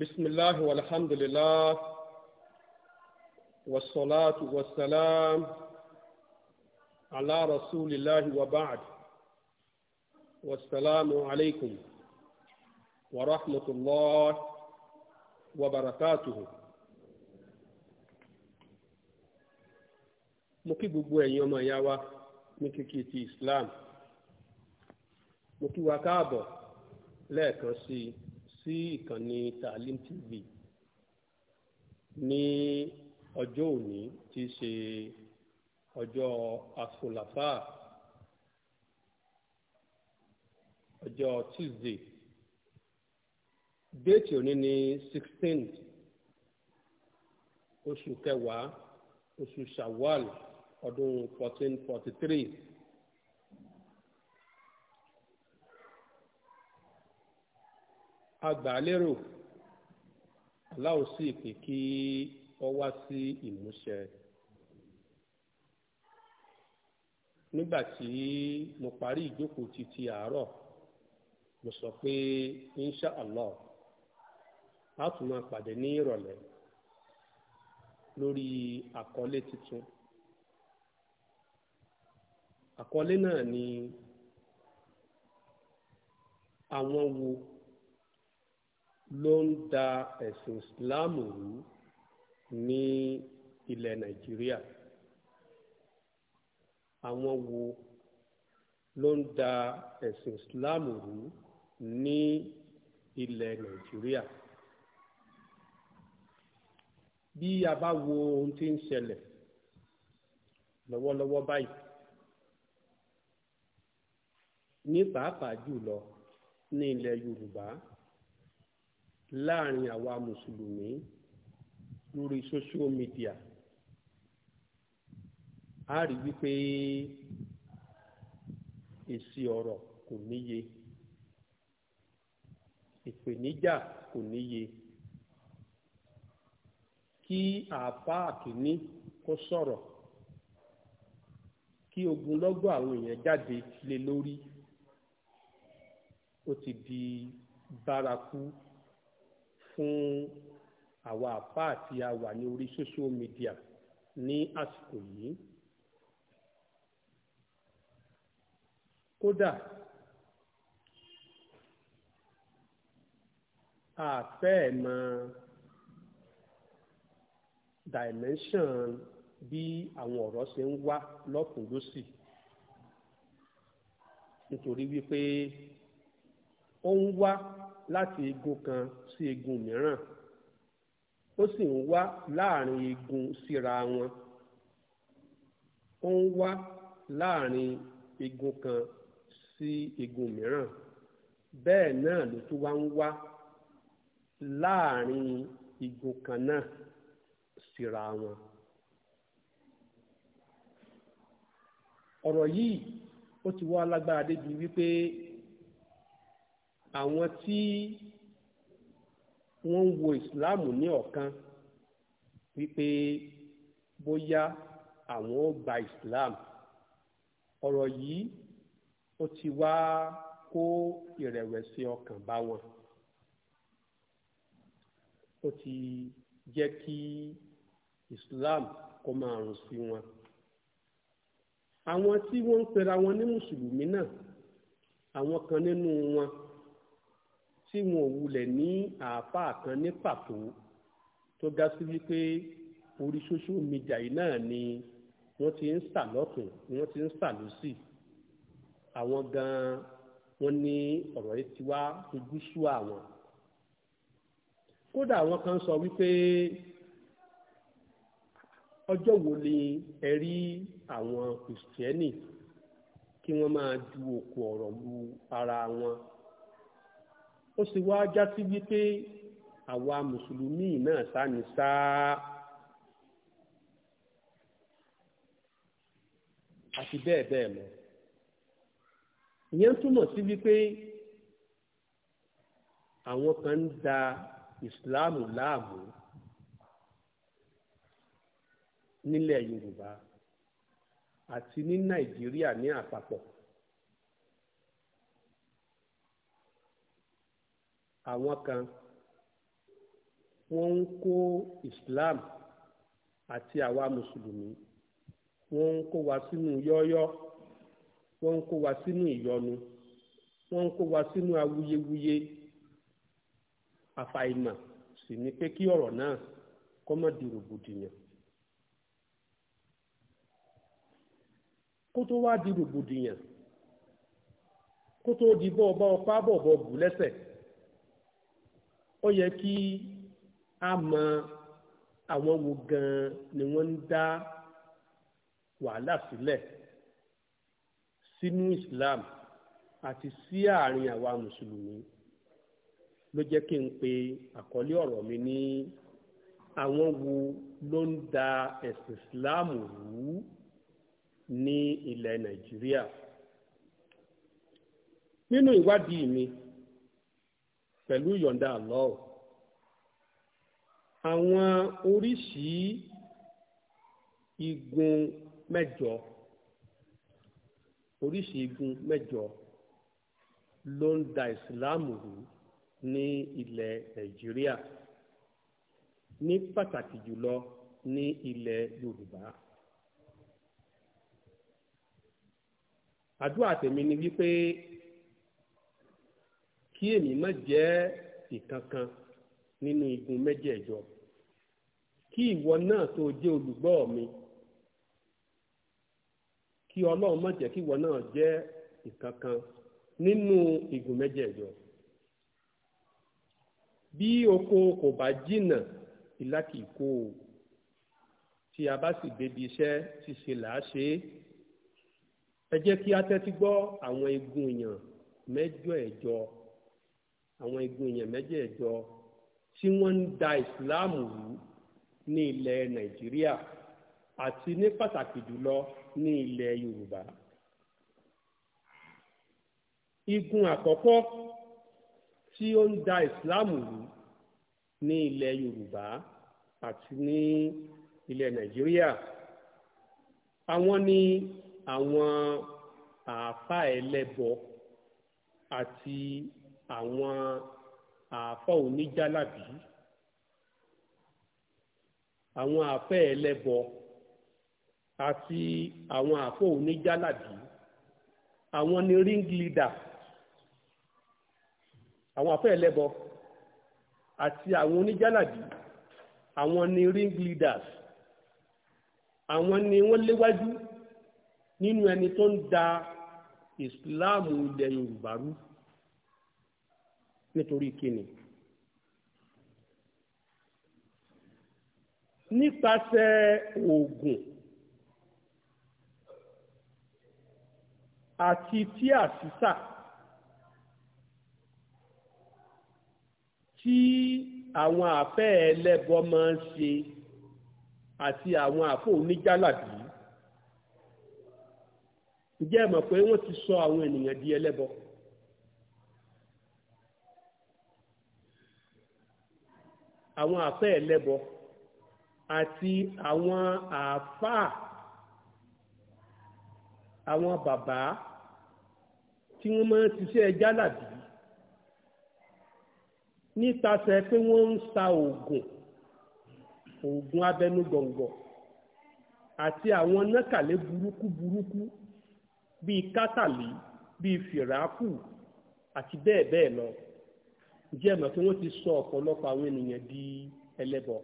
بسم الله والحمد لله والصلاة والسلام على رسول الله وبعد والسلام عليكم ورحمة الله وبركاته مكي kí يوم ẹ̀yin ọmọ ìyá wa ní kíkí ti Islam sí ìkànnì Taalim TV ní ọjọ́ òní tí í ṣe ọjọ́ asolafa ọjọ́ Tuesday déètì òní ní sixteenth oṣù kẹwàá oṣù Shawwal ọdún fourteen forty three. agbàlérò aláwo sì pé kí ọ wá sí ìmúṣẹ nígbà tí mo parí ìjókòó titi ti mo sọ pé insha allah a tún máa pàdé ní ìrọ̀lẹ́ lórí àkọlé tuntun àkọlé náà ni àwọn wo. ló ń da ẹ̀sìn ìsìláàmù rú ní ilẹ̀ nàìjíríà àwọn wo ló ń da ẹ̀sìn ìsìláàmù rú ní ilẹ̀ nàìjíríà bí a bá wo ohun tí ń ṣẹlẹ̀ lọ́wọ́lọ́wọ́ báyìí ní pàápàá jùlọ ní ilẹ̀ yorùbá láàrin àwa mùsùlùmí lórí social media a rí wípé èsì ọ̀rọ̀ kò níye ìpèníjà kò níye kí àáfàá kìíní kó sọ̀rọ̀ kí ogunlọ́gọ̀ àwọn èèyàn jáde lé lórí ó ti di bárakú fún àwa àpá àti àwà ní orí social media ní àsìkò yìí. kódà àfẹ́ mọ̀ dimension bí àwọn ọ̀rọ̀ ṣe ń wá lọ́kùn lósì nítorí wípé ó ń wá láti igun kan sí igun mìíràn ó sì ń wá láàrin igun síra wọn ó ń wá láàrin igun kan sí igun mìíràn bẹ́ẹ̀ náà ló tún wá ń wá láàrin igun kan náà síra wọn. ọ̀rọ̀ yìí ó ti wá lágbára débi wípé àwọn tí wọ́n ń wo islam ní ọ̀kan wípé bóyá àwọn ó gba islam ọ̀rọ̀ yìí ó ti wá kó ìrẹ̀wẹ̀sì ọkàn bá wọn ó ti jẹ́ kí islam kó máa rùn sí wọn àwọn tí wọ́n ń pera wọn ní mùsùlùmí náà àwọn kan nínú wọn tí wọn ò wulẹ̀ ní àáfàá kan ní pàtó tó ga sí wípé orí social media yìí náà ni wọ́n ti ń sà lọ́tún ni wọ́n ti ń sà lọ́sì àwọn gan-an wọ́n ní ọ̀rọ̀ yìí ti wá ojú sú àwọn kódà àwọn kan sọ wípé ọjọ́ wo ni ẹ rí àwọn kìrìsìtẹ́nì kí wọ́n máa ju òkú ọ̀rọ̀ lu ara wọn ó sì wá já sí wípé àwa mùsùlùmí náà sáni sáá àti bẹ́ẹ̀ bẹ́ẹ̀ lọ ìyẹn túmọ̀ sí wípé àwọn kan ń da ìsìláàmù láàmú nílẹ̀ yorùbá àti ní nàìjíríà ní àpapọ̀. àwọn kan wọ́n ń kó Islam àti àwa mùsùlùmí wọ́n ń kó wa sínú yọ́yọ́ wọ́n ń kó wa sínú ìyọnu wọ́n ń kó wa sínú awuyewuye àfàìmọ̀ sì ni pé kí ọ̀rọ̀ náà kó má di rògbòdìyàn. kó tó wá di rògbòdìyàn kó tó di bọ́ọ̀bọ́ ọpá bọ̀bọ̀ bù lẹ́sẹ̀ ó yẹ kí a mọ àwọn wo gan ni wọ́n ń dá wàhálà sílẹ̀ sínú Islam àti sí àárín àwa mùsùlùmí ló jẹ́ kí n pe àkọlé ọ̀rọ̀ mi ní àwọn wo ló ń da ẹ̀sìn Islam rú ní ilẹ̀ Nàìjíríà nínú ìwádìí mi. No pẹ̀lú ìyọ̀ǹda Allah àwọn oríṣi igun mẹ́jọ oríṣi igun mẹ́jọ ló ń da ìsìláàmù rú ní ilẹ̀ Nàìjíríà ní pàtàkì jùlọ ní ilẹ̀ Yorùbá. àdúrà tèmi ni wípé kí èmi má jẹ́ ìkankan nínú igun mẹ́jẹ̀ẹ̀jọ kí ìwọ náà tó jẹ́ olùgbọ́ mi kí ọlọ́run má jẹ́ kí ìwọ náà jẹ́ ìkankan nínú igun mẹ́jẹ̀ẹ̀jọ bí oko kò bá jìnnà ìlà kó o tí a bá sì débi iṣẹ́ ṣíṣe làá ṣe é ẹ jẹ́ kí a tẹ́tí gbọ́ àwọn igun èèyàn mẹ́jọ ẹ̀jọ. E àwọn igun èèyàn mẹ́jẹ̀ẹ̀jọ tí wọ́n ń da ìsìláàmù rú ní ilẹ̀ nàìjíríà àti ní pàtàkì jùlọ ní ilẹ̀ yorùbá. igun àkọ́kọ́ tí ó ń da ìsìláàmù rú ní ilẹ̀ yorùbá àti ní ilẹ̀ nàìjíríà àwọn ni àwọn àáfàá ẹlẹ́bọ àti àwọn àáfà oníjàlábí àwọn àáfà ẹlẹ́bọ àti àwọn àáfà oníjàlábí àwọn ni ring leader àwọn àáfà ẹlẹ́bọ àti àwọn oníjàlábí àwọn ni ring leaders àwọn ni wọ́n léwájú nínú ẹni tó ń da ìsìláàmù ilẹ̀ yorùbá rú nítorí kíni. nípasẹ̀ oògùn àti tí àṣìṣà tí àwọn àfẹ́ ẹlẹ́bọ máa ń ṣe àti àwọn àfọ oníjàlàbí ǹjẹ́ ẹ mọ̀ pé wọ́n ti sọ àwọn ènìyàn di ẹlẹ́bọ. àwọn àfẹ́ ẹlẹ́bọ àti àwọn àáfàá àwọn bàbá tí wọ́n máa ń ṣiṣẹ́ jálàbí nípasẹ̀ pé wọ́n ń sa oògùn oògùn abẹnú gọ̀ǹgọ̀ àti àwọn nákàlẹ́ burúkú burúkú bíi kátàlí bíi fìràkù àti bẹ́ẹ̀ bẹ́ẹ̀ lọ jẹ́ mọ̀ pé wọ́n ti sọ ọ̀pọ̀lọpọ̀ àwọn ènìyàn di ẹlẹ́bọ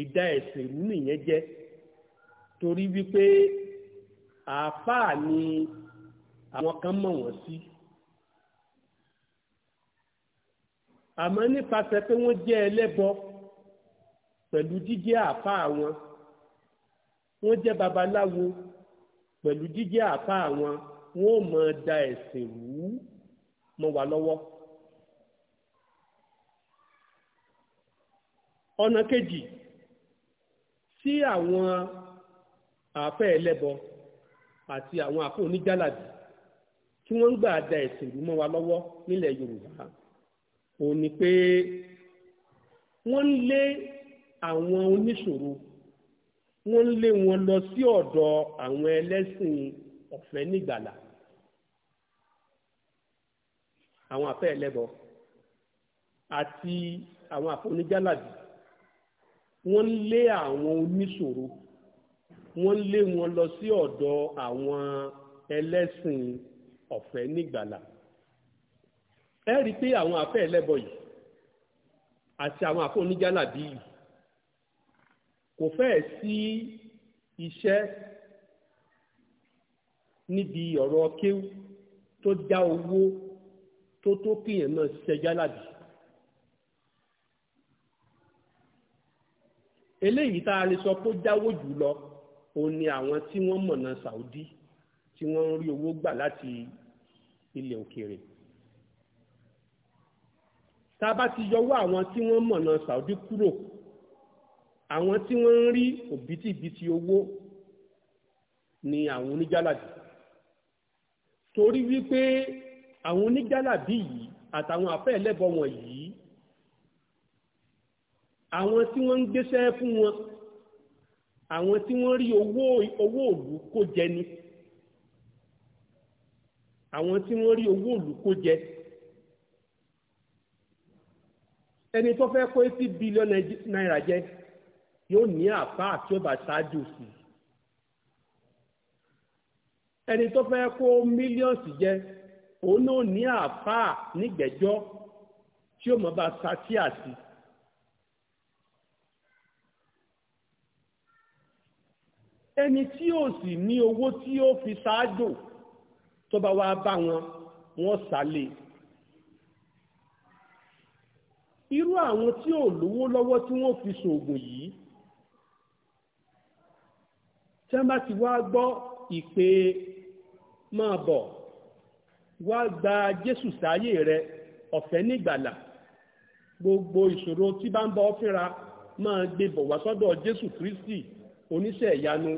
ìdá ẹ̀sìn ìlú nìyẹn jẹ́ torí wípé àáfàá ni àwọn kan mọ̀ wọ́n sí àmọ́ nípasẹ̀ pé wọ́n jẹ́ ẹlẹ́bọ pẹ̀lú jíjẹ́ àáfàá wọn wọ́n jẹ́ babaláwo pẹ̀lú jíjẹ́ àáfàá wọn wọ́n mọ̀ da ẹ̀sìn rú mọ́ wa lọ́wọ́. ọ̀nà kejì tí àwọn àáfẹ́ ẹlẹ́bọ àti àwọn àáfẹ́ oníjàlàbí tí wọ́n ń gbà da ẹ̀sìn ìlú mọ́ wa lọ́wọ́ nílẹ̀ Yorùbá òun ni pé wọ́n ń lé àwọn oníṣòro wọ́n ń lé wọn lọ sí ọ̀dọ̀ àwọn ẹlẹ́sìn ọ̀fẹ́ nígbàlá àwọn àfẹ́ ẹlẹ́bọ àti àwọn àfoníjálàbí wọ́n ń lé àwọn oníṣòro wọ́n ń lé wọn lọ sí ọ̀dọ̀ àwọn ẹlẹ́sìn ọ̀fẹ́ nígbàlà ẹ rí i pé àwọn àfẹ́ ẹlẹ́bọ yìí àti àwọn àfoníjálàbí yìí kò fẹ́ẹ̀ sí iṣẹ́ níbi ọ̀rọ̀ kéwú tó dá owó tó tó kéèyàn náà ṣiṣẹ́ jálàbì eléyìí tá a lè sọ pé jáwó jù lọ òun ni àwọn tí wọ́n mọ̀nà Saudi tí wọ́n ń rí owó gbà láti ilẹ̀ òkèèrè tá a bá ti yọwọ́ àwọn tí wọ́n mọ̀nà Saudi kúrò àwọn tí wọ́n ń rí òbítíbitì owó ni àwọn oníjálàbì torí wípé àwọn oníjàlábí yìí àtàwọn àfẹ́ ẹlẹ́bọ wọ̀nyí àwọn tí wọ́n ń gbéṣẹ́ fún wọn àwọn tí wọ́n rí owó owó òlù kó jẹ ni àwọn tí wọ́n rí owó òlù kó jẹ ẹni tó fẹ́ kó eighty billion naira jẹ yóò ní àpá àti ọba ṣáájú sí ẹni tó fẹ́ kó mílíọ̀nù jẹ òun náà ní àáfàá nígbẹ̀jọ́ tí ó mọ̀ bá sátí àti. ẹni tí ó sì ní owó tí ó fi ṣáájò tó bá wá bá wọn wọ́n sálé irú àwọn tí ò lówó lọ́wọ́ tí wọ́n fi ṣòògùn yìí tí wọ́n bá ti wá gbọ́ ìpè máa bọ̀ wá gba jésù sáyé rẹ ọ̀fẹ́ nígbàlà gbogbo ìṣòro tí bá ń bọ́ fínra máa gbé bọ̀ wá sọ́dọ̀ jésù kristi oníṣẹ́ ìyanu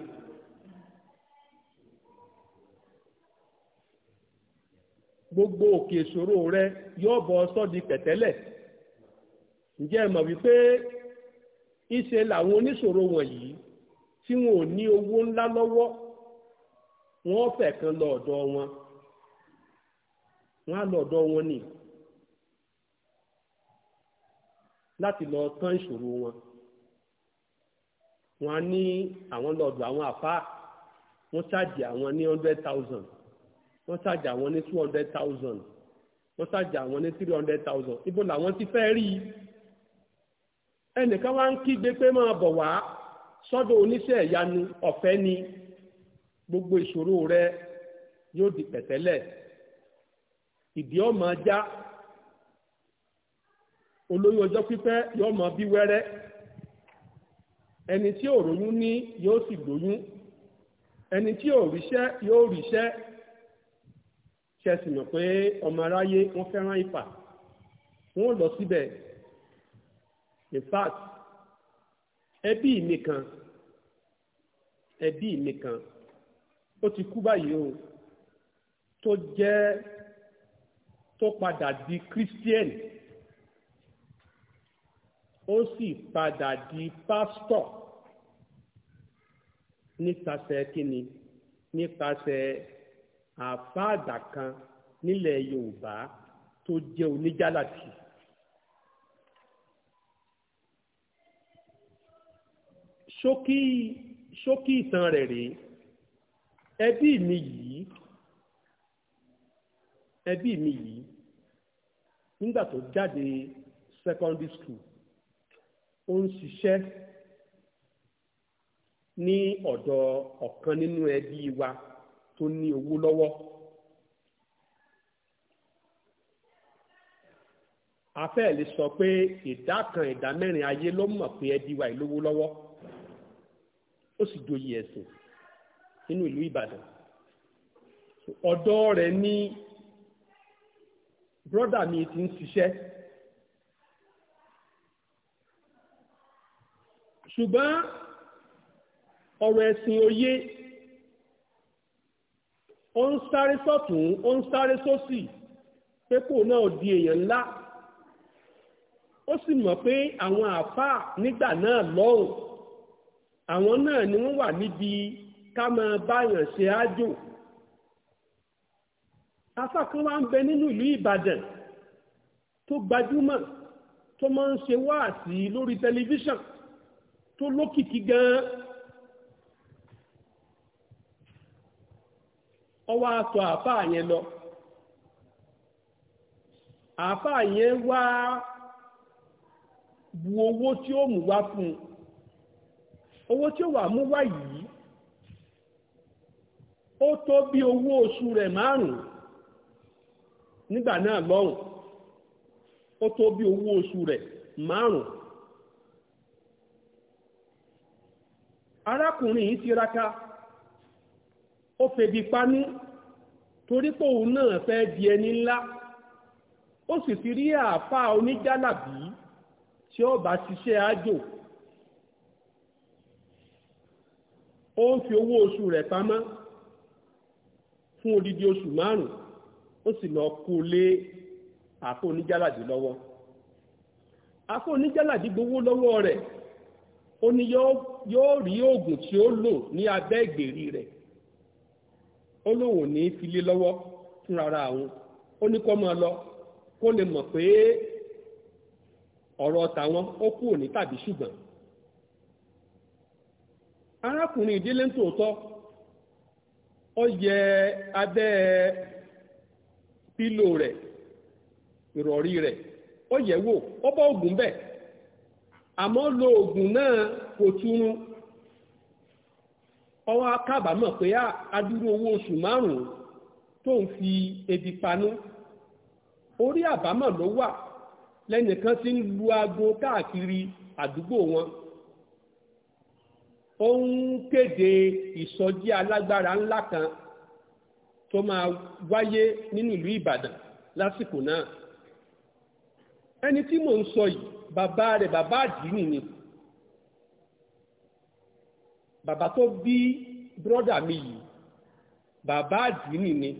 gbogbo òkè ìṣòro rẹ yóò bọ́ sọ́di pẹ̀tẹ́lẹ̀ ǹjẹ́ ẹ mọ̀ wípé ìṣe làwọn oníṣòro wọ̀nyí tí wọn ò ní owó ńlá lọ́wọ́ wọn fẹ̀ kan lọ ọ̀dọ̀ wọn. wọ́n á ọdọ wọn ni láti lọ tán ìṣòro wọn wọ́n á ní àwọn lọdọ àwọn àfáà wọn ṣáàjì àwọn ní hundred thousand wọn ṣáàjì àwọn ní two hundred thousand wọn ṣáàjì àwọn ní three hundred thousand ibo làwọn ti fẹ́ rí i ẹnìkan wá ń kígbe pé máa bọ̀ wá sọ́dọ̀ oníṣẹ́ ìyanu ọ̀fẹ́ ni gbogbo ìṣòro rẹ yóò di pẹ̀tẹ́lẹ̀ ìdí ọmọ ajá olóyún ọjọ́ pípẹ́ yóò mọ bí wẹ́rẹ́ ẹni tí ò ròyún ní yóò sì lóyún ẹni tí ò ríṣẹ́ yóò ríṣẹ́ ṣẹ̀sì mọ̀ pé ọmọ aráyé wọ́n fẹ́ràn ìfà wọ́n lọ síbẹ̀ in fact ẹbí mi kan ẹbí mi kan ó ti kú báyìí o tó jẹ́ tó padà di christian ó sì padà di pásítọ̀ nípasẹ̀ kíni nípasẹ̀ àfáàdà kan nílẹ̀ yorùbá tó jẹ́ oníjálàtì. ṣókí ṣókí ìtàn rẹ̀ rèé ẹbí mi yìí ẹbí mi yìí nígbà tó jáde secondary school ó ń ṣiṣẹ́ ní ọ̀dọ̀ ọ̀kan nínú ẹbí wa tó ní owó lọ́wọ́. afẹ́ lè sọ pé ìdá kan ìdá mẹ́rin ayé ló mọ̀ pé ẹbí wa ìlówó lọ́wọ́ ó sì doyè ẹ̀sìn nínú ìlú Ìbàdàn ọ̀dọ̀ rẹ̀ ní brọ́dà mi ti ń ṣiṣẹ́ ṣùgbọ́n ọ̀rọ̀ ẹ̀sìn òye ó ń sáré sọ́tún ó ń sáré sósì pé kò náà di èèyàn ńlá ó sì mọ̀ pé àwọn àáfàá nígbà náà lọ́hùn àwọn náà ni wọ́n wà níbi ká máa báyàn ṣe ájò afa kan wá ń bẹ nínú ìlú ìbàdàn tó gbajúmọ̀ tó máa ń ṣe wáàsí lórí tẹlifíṣàn tó lókìkí gan-an ọwọ́ aṣọ àáfàá yẹn lọ àáfàá yẹn wá bu owó tí ó mú wá fún un owó tí ó wà mú wá yìí ó tó bí owó oṣù rẹ̀ márùn-ún nígbà náà lọ́hùn ó tó bí owó oṣù rẹ̀ márùn arákùnrin yìí tiraka ó febi paní torí pé òun náà fẹ́ di ẹni ńlá ó sì ti rí àáfàá oníjálàbí tí ó bá ṣiṣẹ́ àjò ó ń fi owó oṣù rẹ̀ pamọ́ fún odidi oṣù márùn-ún ó sì lọ kó lé àfọ oníjàládì lọ́wọ́ afọ oníjàládì gbowó lọ́wọ́ rẹ̀ ó ní yóò rí oògùn tí ó lò ní abẹ́ ìgbèrí rẹ̀ ó lóun ò ní fi lé lọ́wọ́ fúnra àwọn ó ní kó máa lọ kó lè mọ̀ pé ọ̀rọ̀ tàwọn ó kú òní tàbí ṣùgbọ́n arákùnrin ìdílé ń tòótọ́ ó yẹ abẹ́ pílò rẹ̀ ìrọ̀rí rẹ̀ ó yẹ̀ wò ó bá oògùn bẹ̀ àmọ́ lo náà kò túrun ọwọ́ akábàámọ̀ pé adúrú owó oṣù márùn-ún tó ń fi ebi panú orí àbámọ̀ ló wà lẹ́nìkan ti ń lu aago káàkiri àdúgbò wọn ó ń kéde ìsọjí alágbára kan tó máa wáyé nínú ìlú Ìbàdàn lásìkò náà ẹni tí mò ń sọ yìí bàbá rẹ̀ bàbá àdínì ni bàbá tó bí brọ́dà mi yìí bàbá àdínì ni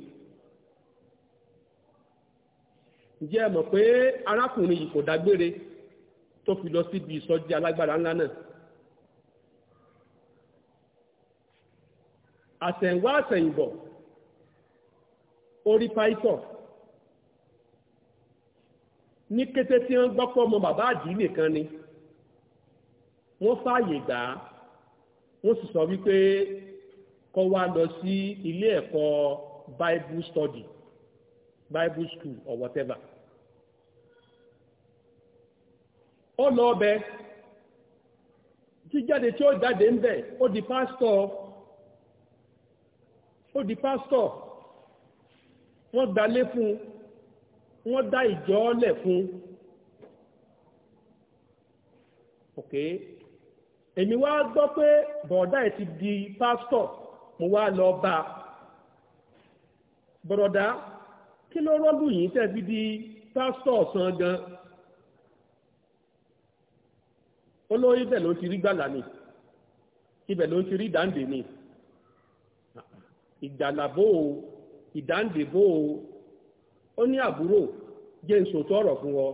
ǹjẹ́ ẹ pé arákùnrin yìí kò dágbére tó fi lọ síbi ìsọjí alágbára ńlá náà àsẹ̀ǹwá àsẹ̀yìnbọ̀ orí Python. ní kété tí wọ́n gbọ́ pọ̀ ọmọ bàbá àdìí nìkan ni wọ́n fààyè gbà á wọ́n sì sọ wípé kọ́ wá lọ sí ilé ẹ̀kọ́ bible study bible school or whatever ó lọ ọbẹ̀ jíjáde tí ó jáde ń bẹ̀ ó di pásítọ̀ ó di pásítọ̀ wọ́n gbalé fún wọ́n dá ìjọ lẹ̀ fún ok èmi wá gbọ́ pé bọ̀ọ̀dá ẹ̀ ti di pásítọ̀ mo wá lọ bá bọ̀rọ̀dá kí ló rọ́lù yìí tẹ́ fi di pásítọ̀ ọ̀sán gan olóyè ibẹ̀ ló ti rí gbàlà ni ibẹ̀ ló ti rí dáǹdè ni ìgbàlàbò ìdáǹdèbò ó ní àbúrò jẹ́ ìṣòtọ́ ọ̀rọ̀ fún ọ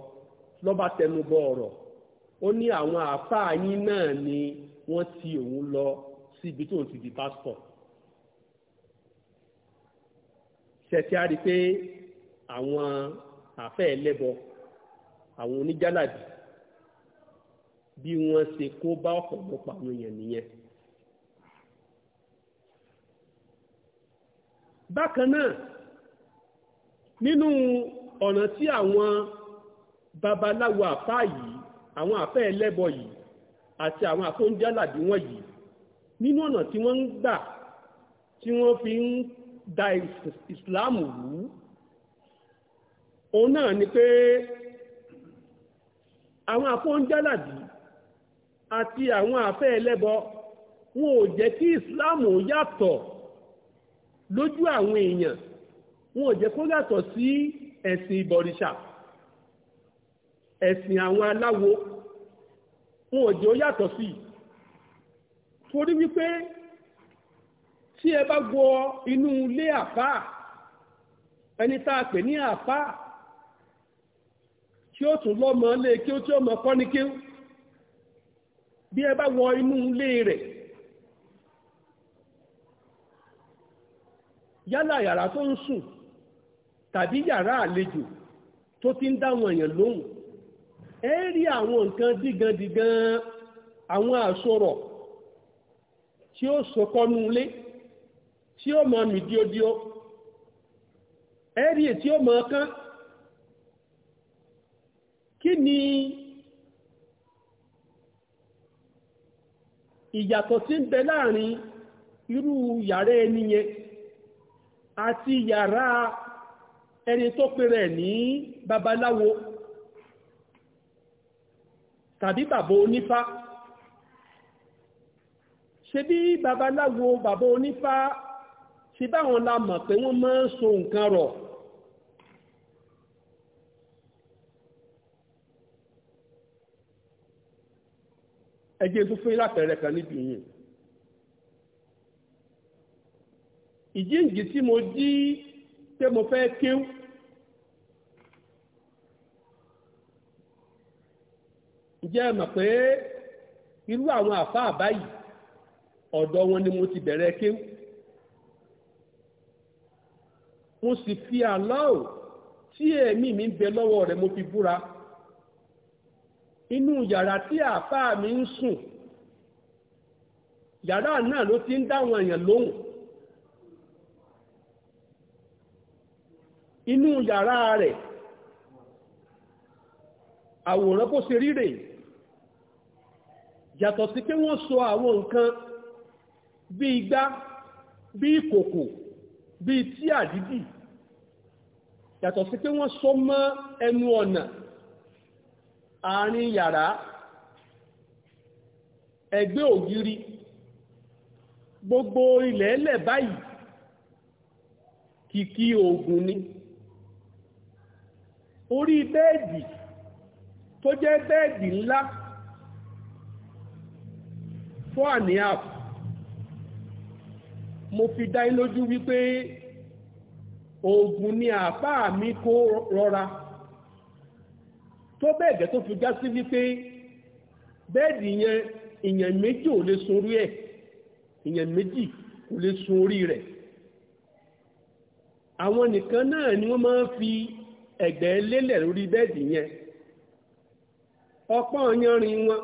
lọ́ba tẹnubọ ọ̀rọ̀ ó ní àwọn àáfàá yín náà ni wọ́n ti òun lọ síbi tóun ti di pásítọ̀ ṣẹ̀tì á rí i pé àwọn àfẹ́ ẹlẹ́bọ àwọn oníjálàbí bí wọ́n ṣe kó bá ọ̀pọ̀lọpọ̀ àwọn èèyàn nìyẹn bákan náà nínú ọ̀nà tí àwọn babaláwo àfá yìí àwọn àfẹ́ ẹlẹ́bọ yìí àti àwọn àfóúnjálàbí wọn yìí nínú ọ̀nà tí wọ́n ń gbà tí wọ́n fi ń da ìsìláàmù rú òun náà ni pé àwọn àfóúnjálàbí àti àwọn àfẹ́ ẹlẹ́bọ wọn ò jẹ́ kí ìsìláàmù yàtọ̀ lójú àwọn èèyàn wọn ò jẹ́ kó yàtọ̀ sí ẹ̀sìn ìbọ̀rìṣà ẹ̀sìn àwọn aláwo wọn ò jẹ́ ó yàtọ̀ sí torí wípé tí ẹ bá gbọ́ inú ilé àfáà ẹni tá a pè ní àfáà kí ó tún lọ́mọ lé kí ó tí ó mọ kọ́ni kí bí ẹ bá wọ inú ilé rẹ̀ yálà yàrá tó ń sùn tàbí yàrá àlejò tó ti ń dáwọn èèyàn lóhùn ẹ rí àwọn nǹkan dígandígan àwọn àsọ̀rọ̀ tí ó sọkọ́nú ilé tí ó mọ mi díodíó ẹ rí è tí ó mọ kán kí ni ìyàtọ̀ tí ń bẹ láàrin irú yàrá ẹni yẹn àti yàrá ẹni tó pèrè ní babaláwo tàbí bàbá onífá ṣe bí babaláwo bàbá onífá ṣe báwọn la mọ̀ pé wọ́n máa so nǹkan rọ̀ ẹjẹ́ tó fún ìlàpẹ̀rẹ̀ kan níbi yìí ìjíǹjì tí mo jí pé mo fẹ́ kéwú ǹjẹ́ mọ̀ pé irú àwọn àfáà odo ọ̀dọ̀ wọn ni mo ti bẹ̀rẹ̀ kéwú mo sì fi àláò tí ẹ̀mí mi ń bẹ lọ́wọ́ rẹ̀ mo fi búra inú yàrá tí àfáà mi ń sùn yàrá náà ló ti ń dáwọn èèyàn lóhùn inú yàrá rẹ̀ àwòrán kó ṣe ríre yàtọ̀ sí pé wọ́n sọ àwọn nǹkan bí igbá bí ìkòkò bí tí àdídì yàtọ̀ sí pé wọ́n sọ mọ́ ẹnu ọ̀nà àárín yàrá ẹgbẹ́ ògiri gbogbo ilẹ̀ ẹlẹ̀ báyìí kìkì ògùn ni. orí bẹ́ẹ̀dì tó jẹ́ bẹ́ẹ̀dì ńlá four and a half mo fi dá yín lójú wípé oògùn ni àáfàá mi kó rọra tó bẹ́ẹ̀ gẹ́ tó fi já sí wípé bẹ́ẹ̀dì yẹn èèyàn méjì ò lè sun ẹ̀ èèyàn méjì kò lè sun rẹ̀ àwọn nìkan náà ni wọ́n máa fi ẹ̀gbẹ́ lélẹ̀ lórí bẹ́ẹ̀dì yẹn ọpọ́n yanrìn wọn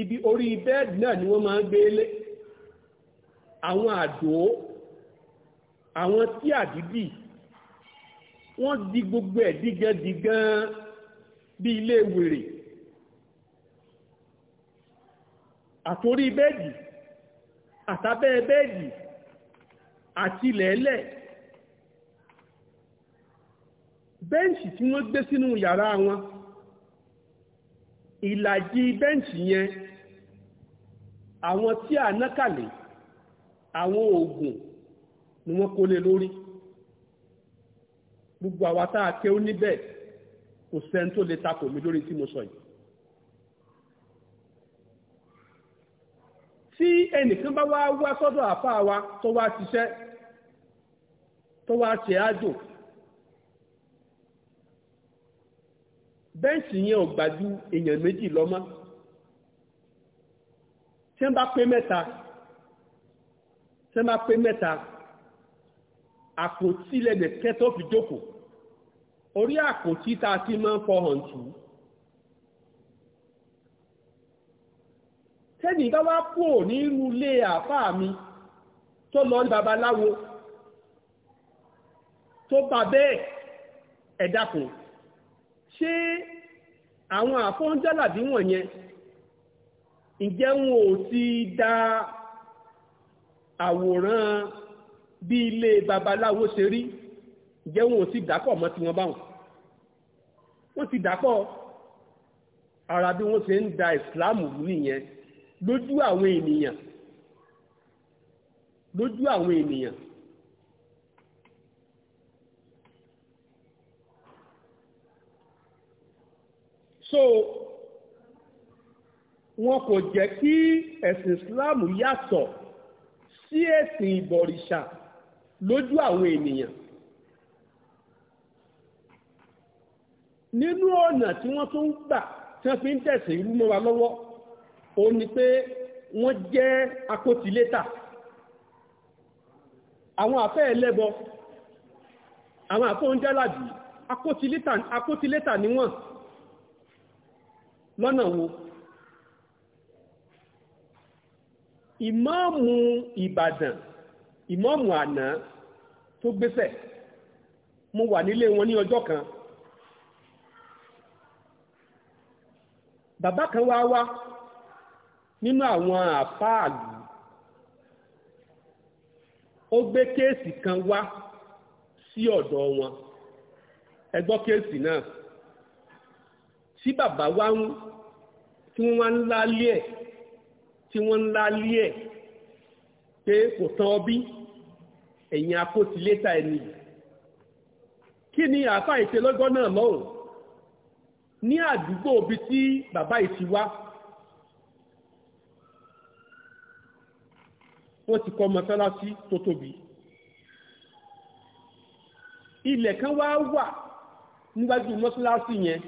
ibi orí bẹ́ẹ̀dì náà ni wọ́n máa ń gbé lé àwọn àdó àwọn tí àdídì wọ́n di gbogbo ẹ̀ dígandígan bí ilé wèrè àtòrí bẹ́ẹ̀dì àtàbẹ́ bẹ́ẹ̀dì àti lẹ́lẹ́ẹ̀ bẹ́ǹṣì tí wọ́n gbé sínú yàrá wọn ìlàjì bẹ́ǹṣì yẹn àwọn tí a nákàlẹ̀ àwọn oògùn ni wọ́n kó lé lórí gbogbo àwa tá a kéwú níbẹ̀ kò sẹ́ni tó lè takò mí lórí tí mo sọ yìí tí ẹnìkan bá wá wá sọ́dọ̀ àfáà wa tó wá ṣiṣẹ́ tó wá ṣe ájò bẹ́ǹsì yẹn ò gbájú èèyàn méjì lọ́mọ́ tí wọ́n bá pé mẹ́ta tí wọ́n bá pé mẹ́ta àpótí lẹ́gbẹ̀ẹ́ kẹ́tọ́ fi jókòó orí àpótí tá a ti máa ń fọhàn tù ú tẹ́nì bá wá pò nírú ilé àfáà mi tó lọ ní babaláwo tó bá bẹ́ẹ̀ ẹ̀dàkùn ṣé àwọn àfọ́njálàbí wọ̀nyẹn ǹjẹ́ wọn ò ti da àwòrán bí ilé babaláwo ṣe rí ǹjẹ́ wọn ò ti dàpọ̀ mọ́ tiwọn báwọn wọ́n ti dàpọ̀ ara bí wọ́n ṣe ń da ìsìláàmù rú nìyẹn lójú àwọn ènìyàn lójú àwọn ènìyàn so wọn kò jẹ́ kí ẹ̀sìn Islam yàtọ̀ sí ẹ̀sìn ìbọ̀rìṣà lójú àwọn ènìyàn nínú ọ̀nà tí wọ́n tún gbà tí wọ́n fi ń tẹ̀sìn irú mọ́ wa lọ́wọ́ ó ní pé wọ́n jẹ́ akótilétà àwọn àfẹ́ ẹlẹ́bọ àwọn àfẹ́ oúnjẹ làbí akótilétà ni wọ́n lọ́nà wo ìmáàmù ìbàdàn ìmáàmù àná tó gbéṣẹ̀ mo wà nílé wọn ní ọjọ́ kan bàbá kan wá wá nínú àwọn àpáàlù ó gbé kéèsì kan wá sí ọ̀dọ̀ wọn ẹ kéèsì náà tí bàbá wá ń tí wọ́n wá ń lálé ẹ̀ tí wọ́n ń lálé ẹ̀ pé kò tán ọbí ẹ̀yìn akótiléta ẹni kí ni àáfàá ìṣe lọ́jọ́ náà lọ́hùn ní àdúgbò ibi tí bàbá yìí ti wá wọ́n ti kọ́ mọ́sálásí tó tóbi ilẹ̀ kan wá wà níwájú mọ́sálásí yẹn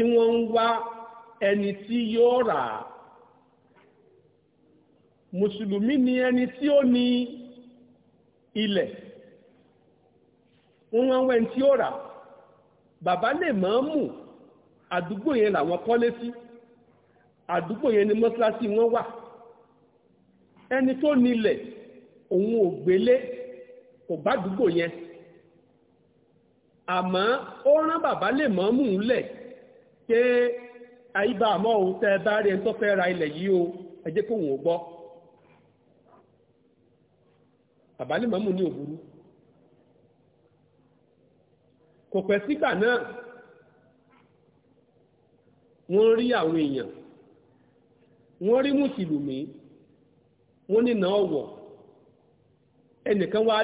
tí wọ́n ń wá ẹni tí yóò rà á mùsùlùmí ni ẹni tí ó ní ilẹ̀ wọ́n wá ń tí yóò rà á bàbá lè máa mú àdúgbò yẹn làwọn kọ́lé sí àdúgbò yẹn ni mọ́sálásí wọn wà ẹni tó nílẹ̀ òun ò gbélé kò bá àdúgbò yẹn àmọ́ ó rán bàbá lè máa mú un lẹ̀ pé àyíbá àmọ́ òun tẹ́ bá rí ẹni tó fẹ́ ra ilẹ̀ yìí o ẹ kó wọ́n gbọ́ ní ní òbúrú kò pẹ́ sígbà náà wọ́n rí àwọn èèyàn wọ́n rí mùsùlùmí wọ́n ní náà wọ̀ ẹnìkan wá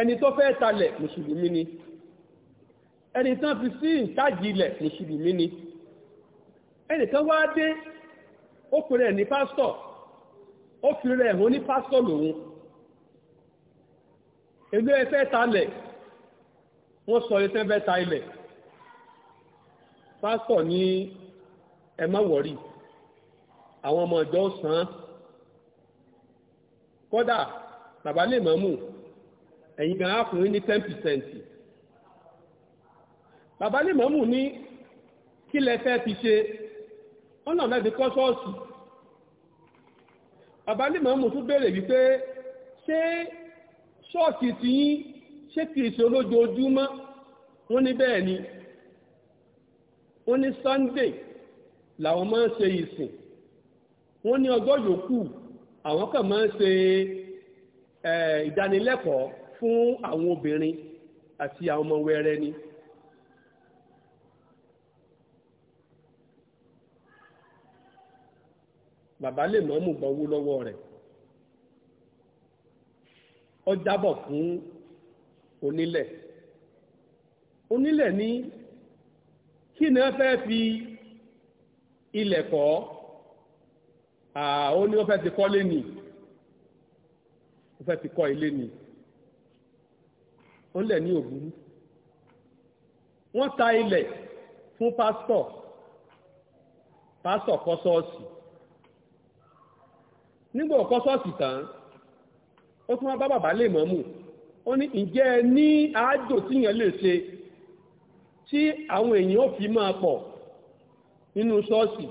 ẹni tó fẹ́ talẹ̀ mùsùlùmí ni ẹni tán fi sí ìtajì ilẹ̀ mùsùlùmí ni ẹnìkan wá dé ó pèrè ní pásítọ̀ ó fi rẹ̀ ẹ̀hún ní pásítọ̀ lòun èlò ẹ fẹ́ talẹ̀ wọ́n sọ ẹsẹ́ fẹ́ ta ilẹ̀ pásítọ̀ ní ẹ má wọ̀rí àwọn ọmọ ìjọ sàn án kódà bàbá lè mọ̀ mú un ẹ̀yin gan á fún yín ní ten percent bàbá ní mọ́mù ní kí lẹ fẹ́ fi ṣe wọ́n náà fẹ́ fi kọ́ ṣọ́ọ̀ṣì bàbá ní mọ́mù tún béèrè wípé ṣé ṣọ́ọ̀ṣì ti yín ṣé kìí ṣe olójoojúmọ́ wọ́n ní bẹ́ẹ̀ ni wọ́n ní Sunday làwọn máa ń ṣe ìsìn wọ́n ní ọjọ́ yòókù àwọn kan máa ń ṣe eh, ìdánilẹ́kọ̀ọ́ fún àwọn obìnrin àti àwọn ọmọ wẹrẹ ni bàbá lè mọ́ mú gbọ́wó lọ́wọ́ rẹ̀ ó jábọ̀ fún onílẹ̀ onílẹ̀ ní kí ni wọ́n fẹ́ fi ilẹ̀ kọ́ àwọn ni wọ́n fẹ́ ti kọ́ lé ní wọ́n fẹ́ ti kọ́ ilé ní ó lẹ̀ ní òbúrú wọ́n ta ilẹ̀ fún pásítọ̀ pásítọ̀ kọ́ ṣọ́ọ̀ṣì nígbà ọ̀kọ́ ṣọ́ọ̀ṣì tán ó tún wá bá bàbá lè mọ́mù ó ní ǹjẹ́ ní àájò tíyàn lè ṣe tí àwọn èèyàn ó fi máa pọ̀ nínú ṣọ́ọ̀ṣì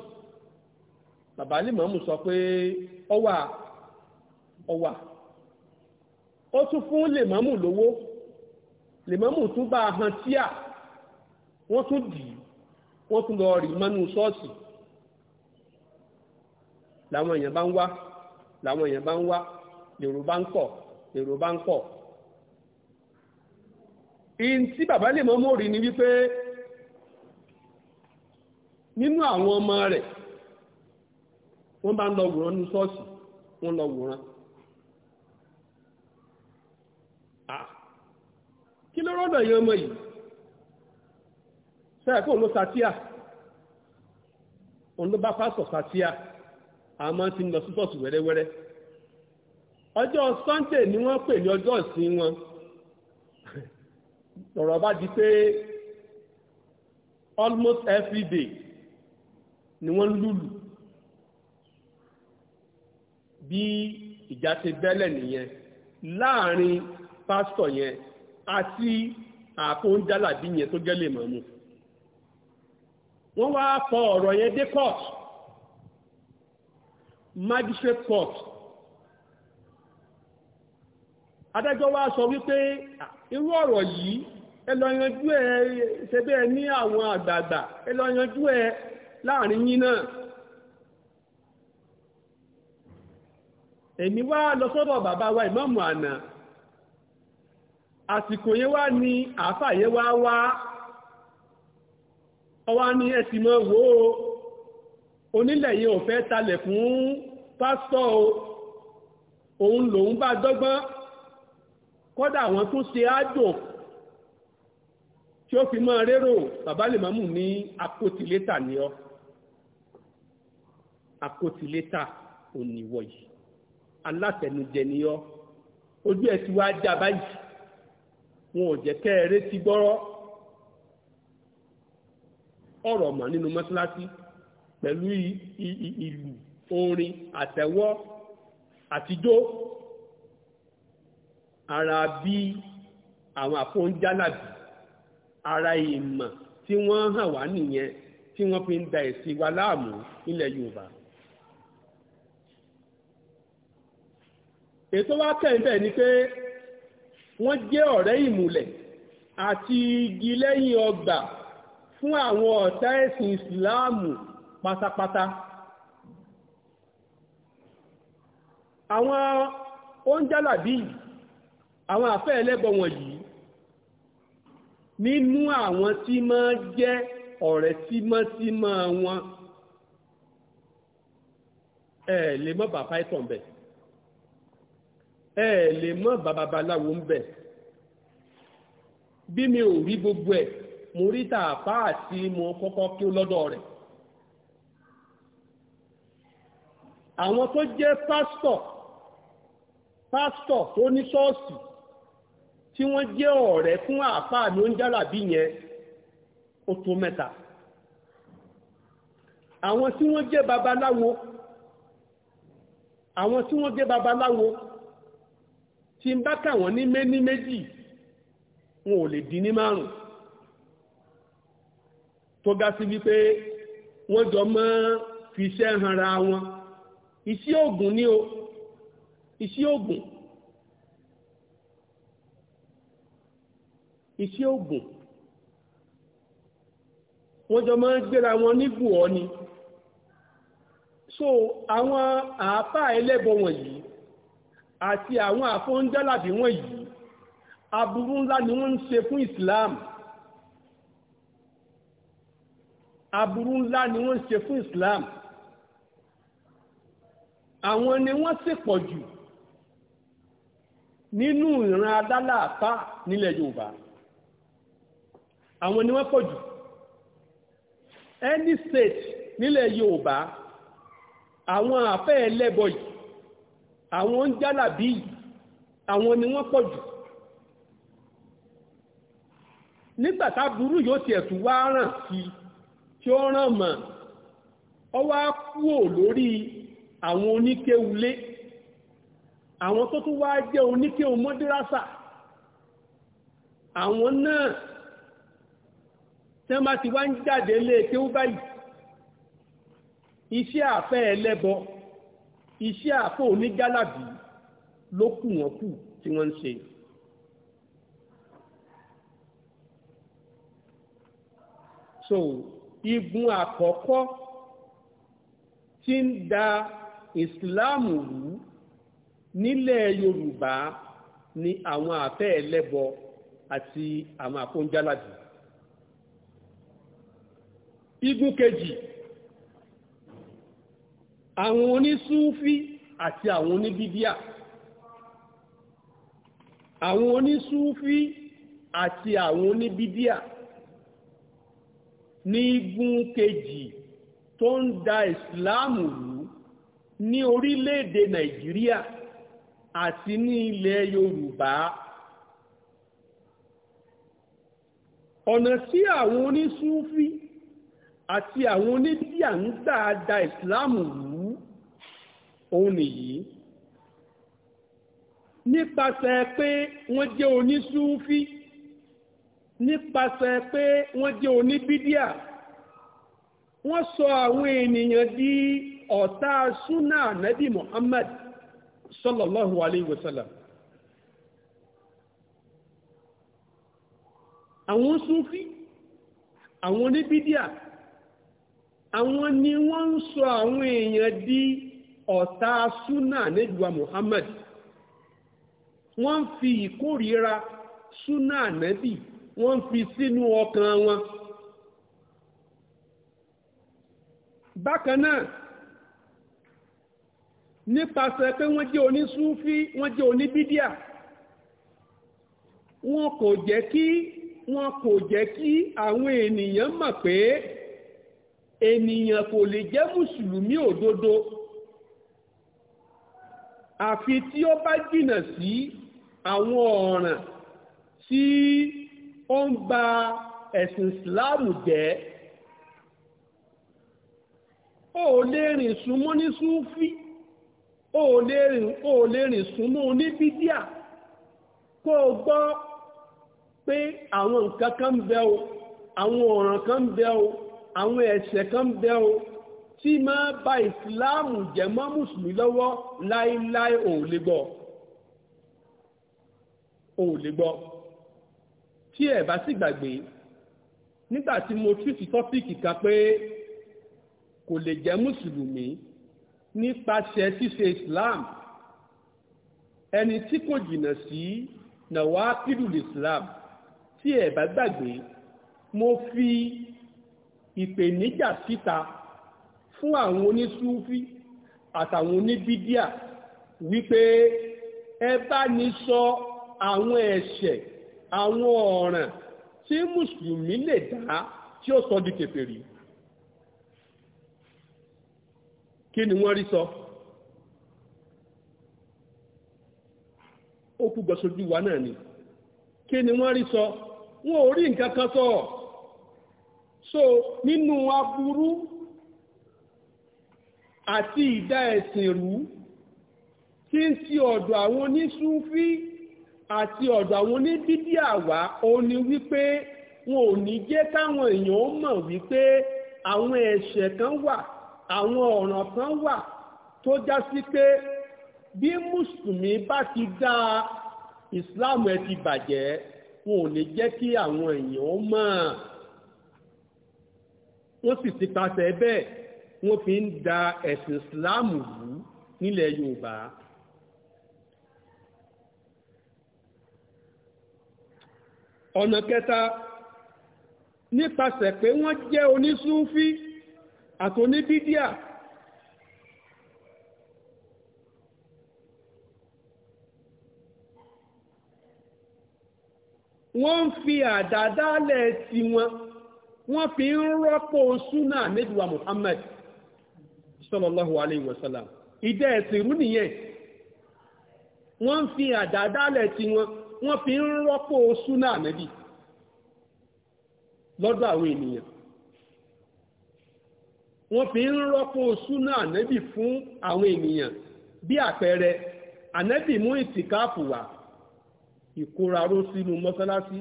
bàbá lè mọ́mù sọ pé ọwà ọwà ó tún fún lè mọ́mù lówó lèmọ́mù tún bá han tíà wọ́n tún dì í wọ́n tún lọ rì mọ́nú ṣọ́ọ̀ṣì làwọn èèyàn bá ń wá làwọn èèyàn bá ń wá èrò bá ń pọ̀ èrò bá ń pọ̀ ìyìn tí bàbá lè rí ni wípé nínú àwọn ọmọ rẹ̀ wọ́n bá ń lọ wòran ní ṣọ́ọ̀ṣì wọ́n lọ wòran ah kí ló rọ́nà yẹn ọmọ yìí sẹ́ẹ̀kọ́ ló satíà òun ló bá pásọ̀ satíà àmọ́ ti lọ sí tọ̀sù wẹ́rẹ́wẹ́rẹ́ ọjọ́ sunday ni wọ́n pè ní ọjọ́ ìsìn wọn lọ́rọ̀ bá di pé almost every day ni wọ́n lùlù bí ìjà ti bẹ́lẹ̀ nìyẹn láàrin pásítọ̀ yẹn àti àkóńdálàbí yẹn tó gẹ́lẹ̀ mọ̀mú wọ́n wá fọ ọ̀rọ̀ yẹn dé court magistrate court adájọ́ wá sọ wípé irú ọ̀rọ̀ yìí ẹ lọ yanjú ẹ ṣe bẹ́ẹ̀ ní àwọn àgbààgbà ẹ lọ yanjú ẹ láàrin yín náà èmi wá lọ sọ́dọ̀ bàbá wa ìmọ̀mù àná àsìkò yẹn wá ní àáfà yẹn wá wá ọwá ní ẹsì mọ́ wò ó onílẹ̀ yẹn ò fẹ́ talẹ̀ fún pásítọ̀ o òun lòun bá dọ́gbọ́n kọ́dà wọn tún ṣe ájò tí ó fi mọ́ rérò bàbá lè ní akótilétà ní ọ akótilétà òníwọ̀ yìí alátẹnujẹ ní ọ ojú ẹ̀ ti wá já báyìí wọn ò jẹ́ kẹ́ ẹ rétí gbọ́rọ́ ọ̀rọ̀ ọ̀mà nínú mọ́ṣáláṣí pẹ̀lú ìlú orin àtẹ́wọ́ àtijọ́ ara bí àwọn àfọ́njálàbí ara ìmọ̀ tí wọ́n hàn wá nìyẹn tí wọ́n fi ń da ẹ̀sìn wa láàmú nílẹ̀ Yorùbá ètò wa kẹ́ńtẹ̀ ni pé wọ́n jẹ́ ọ̀rẹ́ ìmùlẹ̀ àti igi lẹ́yìn ọgbà fún àwọn ọ̀tá ẹ̀sìn ìsìláàmù pátápátá àwọn oúnjẹ́làbí àwọn àfẹ́ ẹlẹ́bọ wọ̀nyí nínú àwọn tí máa jẹ́ ọ̀rẹ́ tímọ́tímọ́ wọn ẹ̀ lè mọ́ bàbá ìtàn ẹ lè mọ́ babaláwo ń bẹ̀ bí mi ò rí gbogbo ẹ̀ mo rí tààpá àti mo kọ́kọ́ kí ó lọ́dọ̀ rẹ̀ àwọn tó jẹ́ pásítọ̀ pásítọ̀ tó ní ṣọ́ọ̀ṣì tí wọ́n jẹ́ ọ̀rẹ́ fún àpá mi ó ń jára bí yẹn ó tó mẹ́ta àwọn tí wọ́n jẹ́ babaláwo àwọn tí wọ́n jẹ́ babaláwo tí ń bá kà wọ́n ní mé ní méjì wọn ò lè dín ní márùn tó ga sí wípé wọ́n jọ mọ́ fi iṣẹ́ hanra wọn iṣẹ́ ògùn ni o iṣẹ́ ògùn iṣẹ́ ògùn wọ́n jọ máa ń gbéra wọn ní bùọ́ ni so àwọn àáfà ẹlẹ́bọ wọ̀nyí àti àwọn àfọ́njálàbí wọ́n yìí aburú ńlá ni wọ́n ń ṣe fún Islam aburú ńlá ni wọ́n ń ṣe fún Islam àwọn ni wọ́n sì pọ̀ jù nínú ìran adálàáfà nílẹ̀ Yorùbá àwọn ni wọ́n pọ̀ jù any state nílẹ̀ Yorùbá àwọn àfẹ́ ẹlẹ́bọ yìí àwọn ń jálàbí àwọn ni wọ́n pọ̀ jù nígbàtá burú yóò ti ẹ̀tù wá ràn sí tí ó ràn mọ̀ ọ wá kúò lórí àwọn oníkéulé àwọn tó tún wá jẹ́ oníkéu mọ́dírásà àwọn náà tí wọ́n ti wá ń jáde lé kéú iṣẹ́ àfẹ́ ẹlẹ́bọ̀ọ́ iṣẹ́ àfọ onígálàbí ló kù wọ́n kù tí wọ́n ń ṣe. so igun àkọ́kọ́ tí ń da ìsìláàmù rú nílẹ̀ yorùbá ni àwọn àfẹ́ ẹlẹ́bọ àti àwọn àfọ́njálàbí. igun kejì àwọn onísúfí àti àwọn oníbídíà àwọn onísúfí àti àwọn oníbídíà ní igun kejì tó ń da ìsìláàmù rú ní orílẹ̀-èdè nàìjíríà àti ní ilẹ̀ yorùbá ọ̀nà tí àwọn onísúfí àti àwọn oníbídíà ń gbà da ìsìláàmù rú òun nìyí nípasẹ̀ pé wọ́n jẹ́ onísúfí nípasẹ̀ pé wọ́n jẹ́ oníbídíà wọ́n sọ àwọn ènìyàn di ọ̀tá súnà nẹ́bí Muhammad sallallahu alayhi wa sallam àwọn súnfí àwọn oníbídíà àwọn ni wọ́n ń sọ àwọn èèyàn di ọ̀tá súnà ànẹ́bíwa Muhammad wọ́n ń fi ìkórìíra súnà nẹ́bì, wọ́n ń fi sínú ọkàn wọn bákan náà nípasẹ̀ pé wọ́n jẹ́ onísúfí wọ́n jẹ́ oníbídíà wọn kò jẹ́ kí wọn kò jẹ́ kí àwọn ènìyàn mọ̀ pé ènìyàn kò lè jẹ́ mùsùlùmí òdodo àfi tí ó bá jìnà sí àwọn ọ̀ràn tí ó ń ba ẹ̀sìn Islam jẹ́ ó lè rìn súnmọ́ ní súnfí ó lè rìn súnmọ́ ní bídíà kó gbọ́ pé àwọn nǹkan kan bẹ́ o àwọn ọ̀ràn kan bẹ́ o àwọn ẹ̀ṣẹ̀ kan bẹ́ o tí máa ba ìsìláàmù jẹ́ mọ́ mùsùlùmí lọ́wọ́ láéláé ò lè gbọ́ ò lè gbọ́ tí ẹ̀ bá sì gbàgbé nígbà tí mo tìsí tọ́pìkì kan pé kò lè jẹ́ mùsùlùmí nípasẹ̀ ṣíṣe islam ẹni tí kò jìnnà sí nàwa kídùlù islam tí ẹ̀ bá gbàgbé mo fi ìpèníjà síta fún àwọn onísúfí àtàwọn oníbídíà wípé ẹ bá ní sọ àwọn ẹ̀ṣẹ̀ àwọn ọ̀ràn tí mùsùlùmí lè dá tí ó sọ di kèfèrí kí ni wọ́n rí sọ ó kú gbọ́sójú wa náà ni kí ni wọ́n rí sọ wọn ò rí nǹkan kan sọ so nínú aburú àti ìdá ẹ̀sìn rú tí ń ti ọ̀dọ̀ àwọn onísúfí àti ọ̀dọ̀ àwọn oníbídíà wá ó ní wípé wọn ò ní jẹ́ káwọn èèyàn mọ̀ wípé àwọn ẹ̀ṣẹ̀ kan wà àwọn ọ̀ràn kan wà tó já sí pé bí mùsùlùmí bá ti dá ìsìláàmù ẹ ti bàjẹ́ wọn ò ní jẹ́ kí àwọn èèyàn mọ̀ wọ́n sì ti pàṣẹ bẹ́ẹ̀ wọ́n fi ń da ẹ̀sìn ìsìláàmù rú nílẹ̀ Yorùbá ọ̀nà kẹta nípasẹ̀ pé wọ́n jẹ́ onísúfí àtòníbídíà wọ́n ń fi àdádálẹ̀ tiwọn wọ́n fi ń rọ́pò súnà nídùúwà Muhammad sallallahu alayhi wa sallam ìdẹ ẹ̀sìn rú nìyẹn wọ́n ń fi àdádálẹ̀ tí wọn wọ́n fi ń rọ́pò súnà ànábì lọ́dọ̀ àwọn ènìyàn wọ́n fi ń rọ́pò súnà ànábì fún àwọn ènìyàn bí àpẹẹrẹ ànábì mú ìtìkáàfù wá ìkóraró sínú mọ́sálásí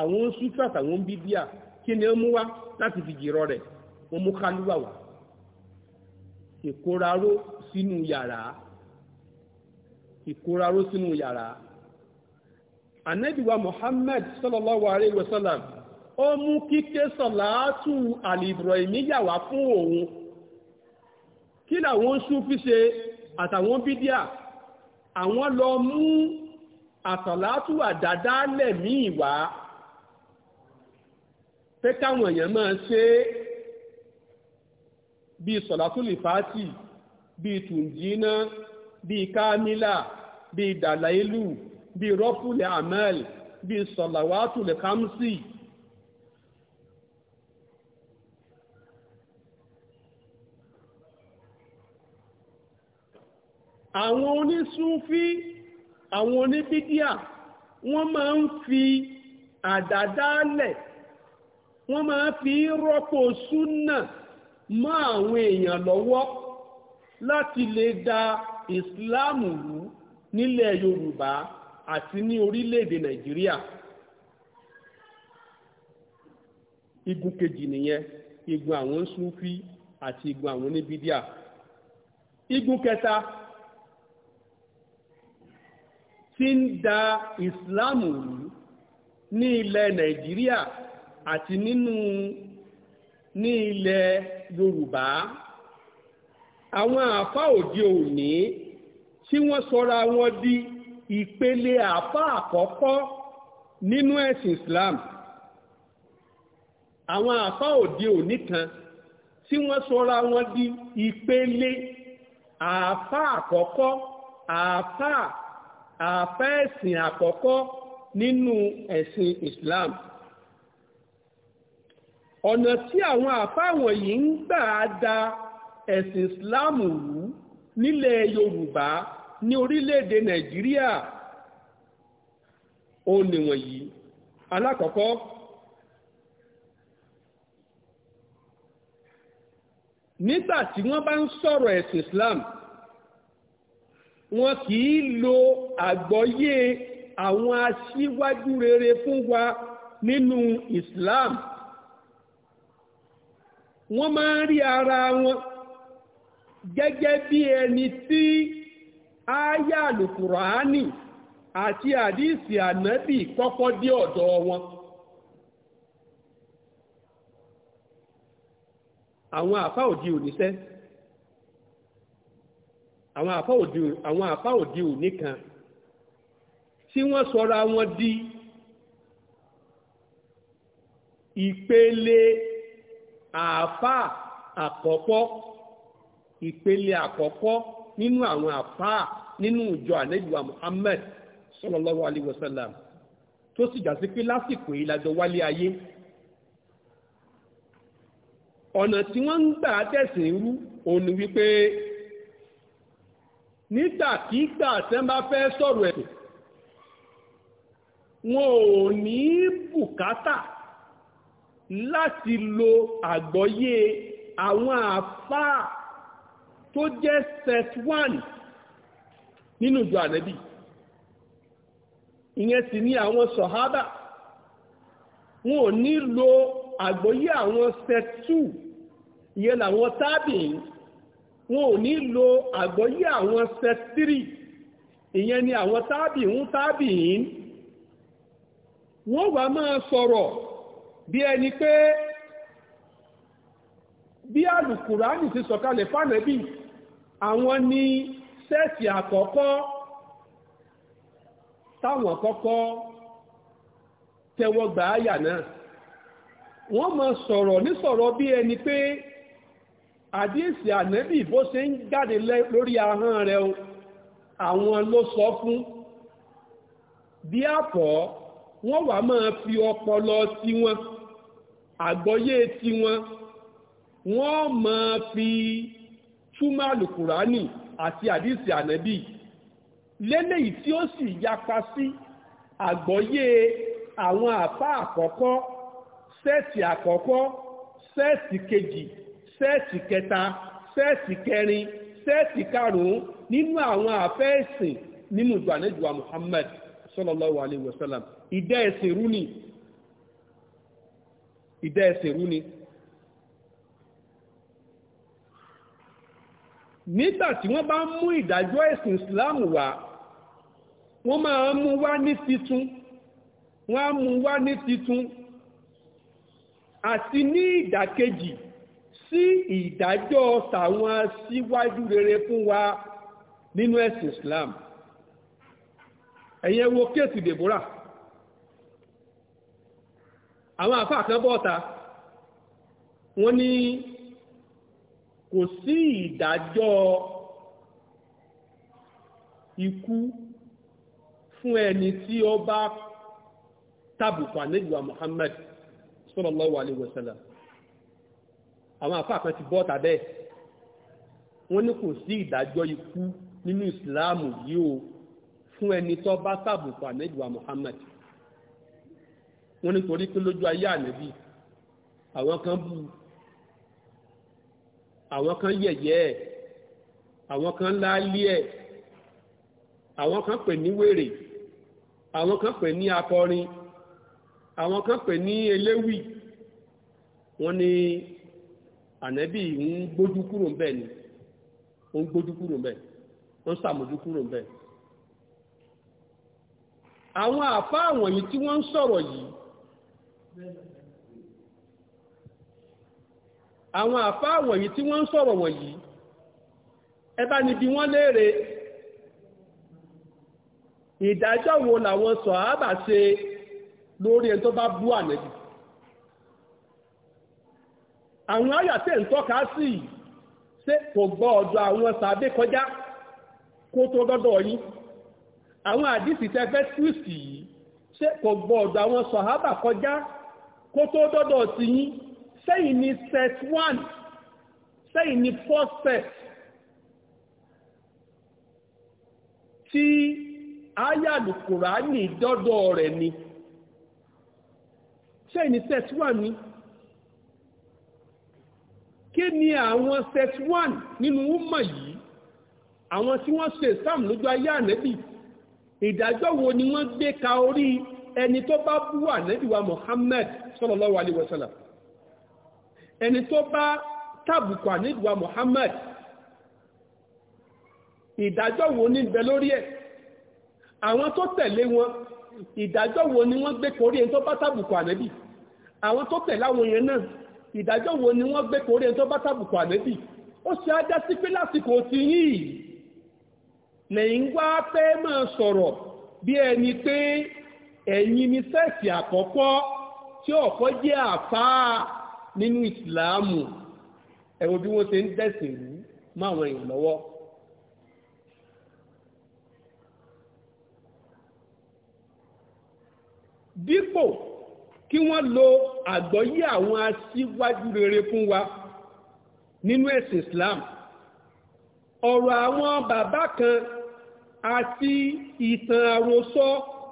àwọn ń súfà bíbíà kí ni ó mú wá láti fi jìrọ rẹ̀ wọ́n mú kálúwà wá ìkóraró sínú yàrá ìkóraró sínú yàrá anẹ́bíwa Muhammad sallallahu alayhi wa sallam ó mú kíké sọ̀láátù àlìbìrọ̀ìmíyàwá fún òun kí làwọn Súfí ṣe àtàwọn bídíà àwọn lọ mú àsọ̀láátù àdádálẹ̀ míì wá pé èèyàn máa ṣe é bíi sọ̀látùlì fàátì bíi tùǹjìnà bíi kámílà bíi dàláìlù bíi rọ́fùlì àmẹ́l bíi sọ̀làwátùlì kámsì àwọn onísúnfí àwọn oníbídíà wọ́n máa ń fi àdádálẹ̀ wọ́n máa ń fi rọ́pò súnà mọ́ àwọn èèyàn lọ́wọ́ láti lè da ìsìláàmù rú nílẹ̀ yorùbá àti ní orílẹ̀-èdè nàìjíríà igun kejì nìyẹn igun àwọn súnfí àti igun àwọn oníbídíà igun kẹta tí ń da ìsìláàmù rú ní ilẹ̀ nàìjíríà àti nínú ní ilẹ̀ yorùbá àwọn àáfà òde òní tí wọ́n sọra wọn di ìpele àáfà àkọ́kọ́ nínú ẹ̀sìn islam àwọn àáfà òde òní kan tí wọ́n sọra wọn di ìpele àáfà àkọ́kọ́ àáfà àáfà ẹ̀sìn àkọ́kọ́ nínú ẹ̀sìn islam ọ̀nà tí àwọn àfáwọn yìí ń gbà da ẹ̀sìn Islam rú nílẹ̀ Yorùbá ní orílẹ̀-èdè Nàìjíríà ó nìwọ̀nyí alákọ̀ọ́kọ́ nígbà tí wọ́n bá ń sọ̀rọ̀ ẹ̀sìn Islam wọn kì í lo àgbọ́yé àwọn aṣíwájú rere fún wa nínú Islam. wọ́n máa n rí ara wọn gẹ́gẹ́ bí ẹni tí ááyà àlùkùránì àti àdíìsì ànábì kọ́kọ́ dé ọ̀dọ̀ wọn àwọn àfá òníṣẹ́ àwọn àfá tí wọ́n wọn di ìpele àáfà àkọ́kọ́ ìpele àkọ́kọ́ nínú àwọn àáfà nínú ìjọ àlejò Muhammad sallallahu alaihi wasallam tó sì jà sí pé lásìkò ìlàjọ wálé ayé ọ̀nà tí wọ́n ń gbà tẹ̀sìn rú òun ni wípé nígbàkígbà tẹ́ bá fẹ́ sọ̀rọ̀ ẹ̀sìn wọn ò ní bùkátà láti lo àgbọ́yé àwọn àfáà tó jẹ́ set one nínú ìjọ ànẹ́bì ìyẹn sì ní àwọn sọ̀hábà wọn ò ní lo àgbọ́yé àwọn set two ìyẹn làwọn tábìí wọn ò ní lo àgbọ́yé àwọn set three ìyẹn ni àwọn tábìí ń tábìí wọ́n wá máa sọ̀rọ̀ bí ẹni pé bí alùkùránì ti sọ̀kalẹ̀ fánẹ́bì àwọn ni sẹ́ẹ̀tì àkọ́kọ́ táwọn kọ́kọ́ tẹ́wọ́ gbà áyà náà wọ́n máa sọ̀rọ̀ nísọ̀rọ̀ bí ẹni pé àdíèsì ànẹ́bì bó ṣe ń jáde lórí ahọ́n rẹ̀ àwọn ló sọ fún bí àpọ̀ wọ́n wà máa fi ọpọlọ tiwọn si àgbọ́yé tiwọn wọ́n máa fi túmọ̀ àlùkùránì àti àdìsí ànábì lélẹ́yìí tí ó sì yapa sí àgbọ́yé àwọn àpá àkọ́kọ́ sẹ́ẹ̀tì àkọ́kọ́ sẹ́ẹ̀tì kejì sẹ́ẹ̀tì kẹta sẹ́ẹ̀tì kẹrin sẹ́ẹ̀tì karùn-ún nínú àwọn àfẹ́ẹ̀sìn nínú ìgbàlejò Muhammad sallallahu alaihi wasallam ìdẹ́ ẹ̀sìn rúnì ìdá ẹsẹ̀ rú ni nígbà tí wọ́n bá mú ìdájọ́ ẹ̀sìn Islam wá wọ́n máa mú wá ní titun wọ́n á mú wá ní titun àti ní ìdàkejì sí ìdájọ́ tàwọn síwájú rere fún wa nínú ẹ̀sìn Islam ẹ̀yẹ wo kéèsì Deborah àwọn àfáà kan bọ́ọ̀ta wọ́n ní kò sí ìdájọ́ ikú fún ẹni tí ó bá tàbùkù àníjùwà Muhammad sallallahu alaihi wasallam àwọn àfáà kan ti bọ́ọ̀ta bẹ́ẹ̀ wọ́n ni kò sí ìdájọ́ ikú nínú ìsìláàmù yìí fún ẹni tó bá tàbùkù àníjùwà Muhammad wọ́n nítorí pé lójú ayé ànẹ́bí àwọn kan bú àwọn kan yẹ̀yẹ́ ẹ̀ àwọn kan láálí ẹ̀ àwọn kan pè ní wèrè àwọn kan pè ní akọrin àwọn kan pè ní eléwì wọ́n ní ànẹ́bí ń gbójú kúrò ń ni ń gbójú kúrò ń ń sàmójú kúrò ń bẹ̀ àwọn àfáà tí wọ́n ń sọ̀rọ̀ yìí àwọn àfáà wọ̀nyí tí wọ́n ń sọ̀rọ̀ wọ̀nyí ẹ bá wọ́n léèrè ìdájọ́ wo làwọn sọ̀hábà ṣe lórí ẹni tó bá bú ànẹ́bì àwọn ayàtẹ̀ ń tọ́ka sí ṣé kò gbọ́ ọ̀dọ̀ àwọn kọjá kó tó dọ́dọ̀ yín àwọn àdìsí tẹ́fẹ́ yìí ṣé kò gbọ́ ọ̀dọ̀ àwọn sọ̀hábà kọjá kó tó dọ́dọ̀ sí yín sẹ́yìn ni set one sẹ́yìn ni first set tí ayàlùkùrá ní dọ́dọ̀ rẹ̀ ni sẹ́yìn ni set one ni kí ni àwọn set one nínú umma yìí àwọn tí wọ́n ṣe Islam lójú ayé ànẹ́bì ìdájọ́ wo ni wọ́n gbé ka orí ẹni tó bá bú ànábì wa Muhammad sallallahu alaihi wasallam ẹni tó bá tàbùkù ànábì wa Muhammad ìdájọ́ wo ní bẹ lórí ẹ̀ àwọn tó tẹ̀lé wọn ìdájọ́ wo ni wọ́n gbé kórí ẹni tó bá tàbùkù ànábì àwọn tó tẹ̀lé àwọn yẹn náà ìdájọ́ wo ni wọ́n gbé kórí ẹni tó bá tàbùkù ànábì ó ṣe ajá sí pé lásìkò ti yìí lẹ́yìn wá fẹ́ máa sọ̀rọ̀ bí ẹni pé ẹ̀yin ni sẹ́ẹ̀sì àkọ́kọ́ tí ọ̀kọ́ jẹ́ àfáà nínú ìsìláàmù ẹ̀wọ̀ bí wọ́n ṣe ń dẹ̀sìn rú máwọn èèyàn lọ́wọ́ dípò kí wọ́n lo àgbọ́yé àwọn aṣíwájú rere fún wa nínú ẹ̀sìn Islam ọ̀rọ̀ àwọn bàbá kan àti ìtàn àròsọ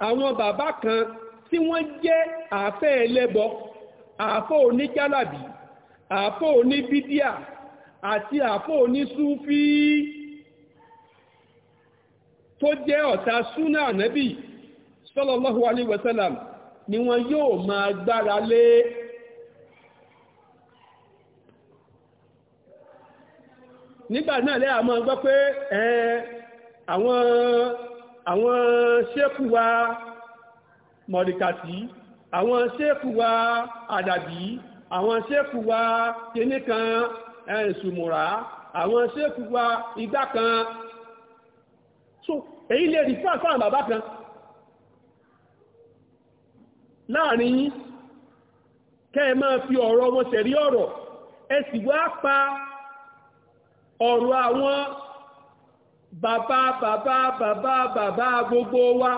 àwọn bàbá kan tí wọ́n jẹ́ àfẹ́ ẹlẹ́bọ àfọ́ oníjálàbí àfọ́ oníbídíà àti àfọ́ onísúfí tó jẹ́ ọ̀tá súnà ànábì sallallahu alaihi wasallam ni wọ́n yóò máa gbára lé nígbà náà lẹ́yà máa gbọ́ pé àwọn àwọn ṣékù wa mọ̀ríkàtí àwọn ṣékù wa àdàbí àwọn ṣékù wa kìnníkan ẹ̀sùmùrà àwọn ṣékù wa igbá kan so èyí lè rí fáfáà bàbá kan láàrin yín kẹ́ máa fi ọ̀rọ̀ wọn ṣẹ̀rí ọ̀rọ̀ ẹ wá pa ọ̀rọ̀ àwọn bàbá bàbá bàbá bàbá gbogbo wa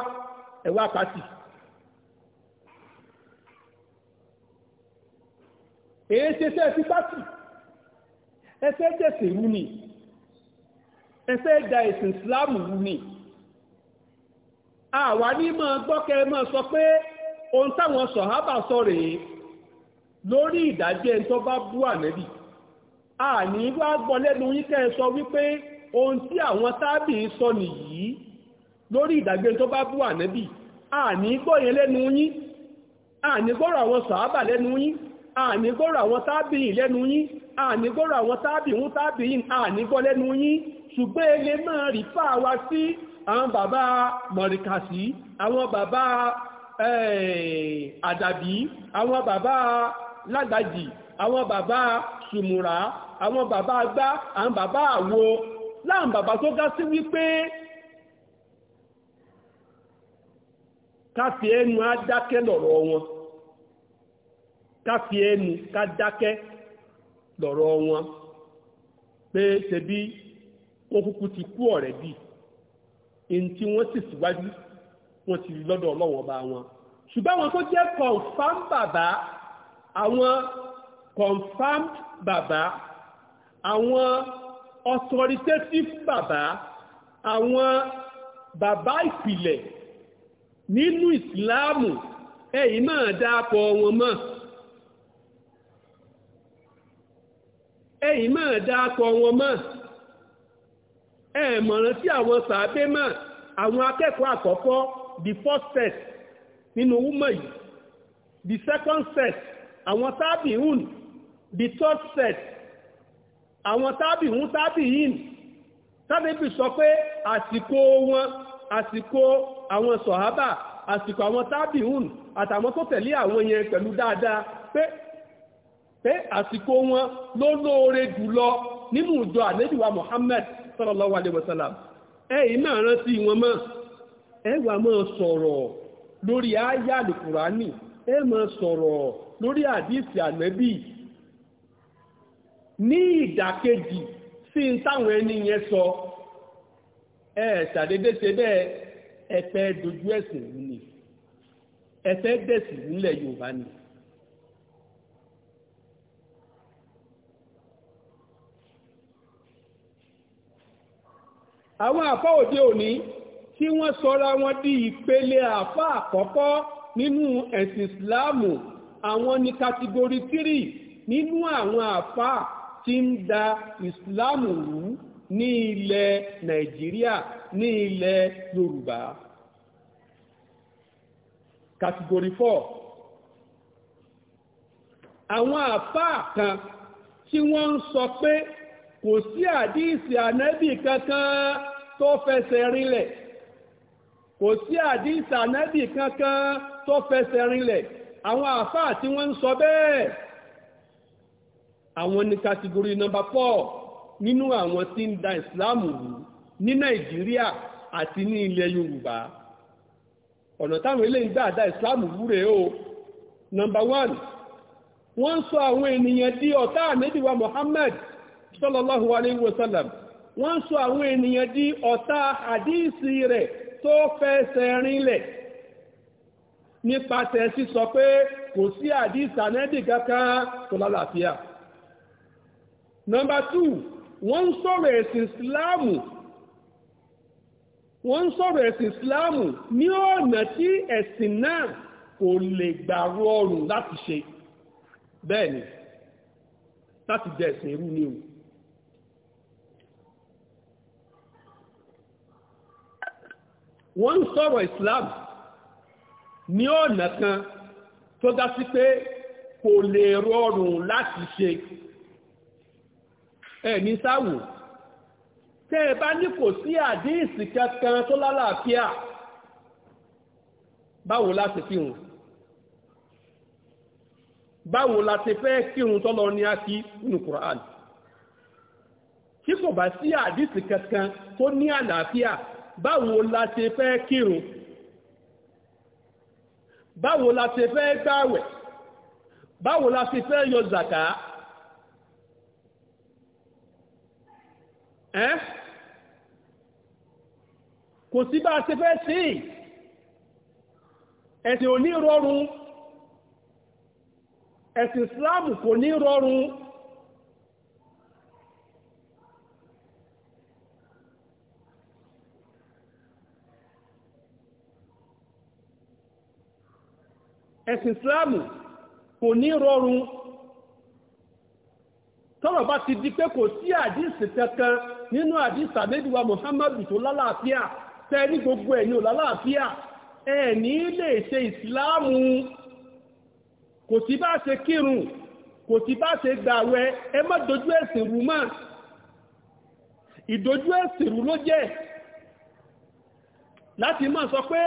ẹ̀wà pàtì. èyí ṣe sẹ́ sí pàtì ẹsẹ́ jẹ̀sẹ̀ wú ni ẹsẹ́ ìdá ìsìn Islam wú ni àwa ní mọ́ gbọ́kẹ́ mọ́ sọ pé ohun táwọn sọ̀hábà sọ rèé lórí ìdájẹ́ tó bá bú ànẹ́bì àní wá gbọ́ lẹ́nu yín sọ wípé ohun tí àwọn sábì ń sọ nìyí lórí ìdàgbé tó bá bú ànábì àní gbọ́yẹn lẹ́nu yín àní gbọ́rọ̀ àwọn sàábà lẹ́nu yín àní gbọ́rọ̀ àwọn sábì lẹ́nu yín àní gbọ́rọ̀ àwọn sábì ń sábì yìn àní gbọ́ lẹ́nu yín ṣùgbọ́n ele máa rí fáà sí àwọn bàbá mọ̀rìkàsí àwọn bàbá àdàbí àwọn bàbá lágbàjì àwọn bàbá sùmùrà àwọn bàbá agbá àwọn bàbá àwo láàm bàbá tó gá sí wípé káfí ẹnu á dákẹ́ lọ̀rọ̀ wọn káfí ẹnu ká dákẹ́ lọ̀rọ̀ wọn pé tẹbí okùnkùn ti kú ọ̀rẹ́ bí in tí wọ́n sì síwájú wọ́n ti rí lọ́dọ̀ ọlọ́wọ́ bá wọn ṣùgbọ́n àwọn tó jẹ́ confam bàbá àwọn confam bàbá àwọn authoritative bàbá àwọn bàbá ìpìlẹ̀ nínú ìsìláàmù ẹ̀yìn máa dáàpọ̀ wọn mọ́ ẹ̀yìn máa dáàpọ̀ wọn mọ́ ẹ̀mọ̀ràn tí àwọn sàábé mọ́ àwọn akẹ́kọ̀ọ́ àkọ́kọ́ the first set nínú wúmọ̀ yìí the second set àwọn tábìhùn the third set àwọn tábì ń tábì yìí tábìbì sọ pé àsìkò wọn àsìkò àwọn sọ̀hábà àsìkò àwọn tábì ń àtàwọn tó tẹ̀lé àwọn yẹn pẹ̀lú dáadáa pé pé àsìkò wọn ló lóore jùlọ nínú ìjọ àlejìwà Muhammad sallallahu alaihi wasallam ẹ̀yìn náà rántí wọn mọ́ ẹ wá máa sọ̀rọ̀ lórí àyá Al-Kùránì ẹ máa ní ìdàkejì sí táwọn ẹni yẹn sọ ẹ ṣàdédé ṣe bẹ́ẹ̀ ẹ fẹ́ dojú ẹ̀sìn rú ni ẹ fẹ́ dẹ̀sìn nílẹ̀ Yorùbá ni. àwọn àfá òde òní tí wọ́n sọra wọn di ìpele àfá àkọ́kọ́ nínú ẹ̀sìn Ìsìláàmù àwọn ní kàtígórì 3 nínú àwọn àfá ti ń da ìsìláàmù rú ní ilẹ̀ nàìjíríà ní ilẹ̀ yorùbá category four àwọn àfáà kan tí wọ́n ń sọ pé kò sí àdíìsì ànẹ́bì kankan tó fẹsẹ̀ rinlẹ̀ kò sí àdíìsì ànẹ́bì kankan tó fẹsẹ̀ rinlẹ̀ àwọn àfáà tí wọ́n ń sọ bẹ́ẹ̀ àwọn ní kàtìgórí nọmba four nínú àwọn tí ń da ìsìláàmù rú ní nàìjíríà àti ní ilẹ̀ yorùbá ọ̀nà táwọn ilé ń da ìsìláàmù rú rẹ̀ o nọmba one wọ́n sọ àwọn ènìyàn di ọ̀tá àmẹ́dìwá Muhammad sallallahu alayhi wọ́n àwọn ènìyàn di rẹ̀ tó fẹsẹ̀ nọ́mbà tù wọ́n ń sọ̀rọ̀ ẹ̀sìn ìsìláàmù wọ́n ń sọ̀rọ̀ ẹ̀sìn ìsìláàmù ní ọ̀nà tí ẹ̀sìn náà kò lè gbà rọrùn láti ṣe bẹ́ẹ̀ ni láti jẹ ẹ̀sìn irú ni o wọ́n ń Islam ní ọ̀nà kan tó dá sí pé kò lè rọrùn láti ṣe ẹ̀mí sáwò tẹ́ ẹ bá ní kò sí àdíìsì kankan tó lálàáfíà báwo la ti báwo la ti fẹ́ kírun tọ́lọ ní ákí nínú Qur'an tí kò bá sí àdíìsì kankan tó ní àlàáfíà báwo la ti fẹ́ kírun báwo la ti fẹ́ gbàwẹ̀ báwo la fẹ́ yọ zàkàá ẹ́ kò sí bá ṣe fẹ́ sí ẹ̀sìn ò ní rọrùn ẹ̀sìn islamu kò ní rọrùn ẹ̀sìn islamu kò ní rọrùn tọ́rọ̀ bá ti di pé kò sí àdíìsì kankan nínú àdíìsì àmẹ́dùwà Muhammadu tó lálàáfíà tẹ́ ní gbogbo ẹ̀ ní ò lálàáfíà ẹ̀ ní lè ṣe ìsìláàmù kò sí bá ṣe kírun kò sí bá ṣe gbàwẹ̀ ẹ má dojú ẹ̀sìn rú mọ́ ìdojú ẹ̀sìn rú ló jẹ́ láti máa sọ pé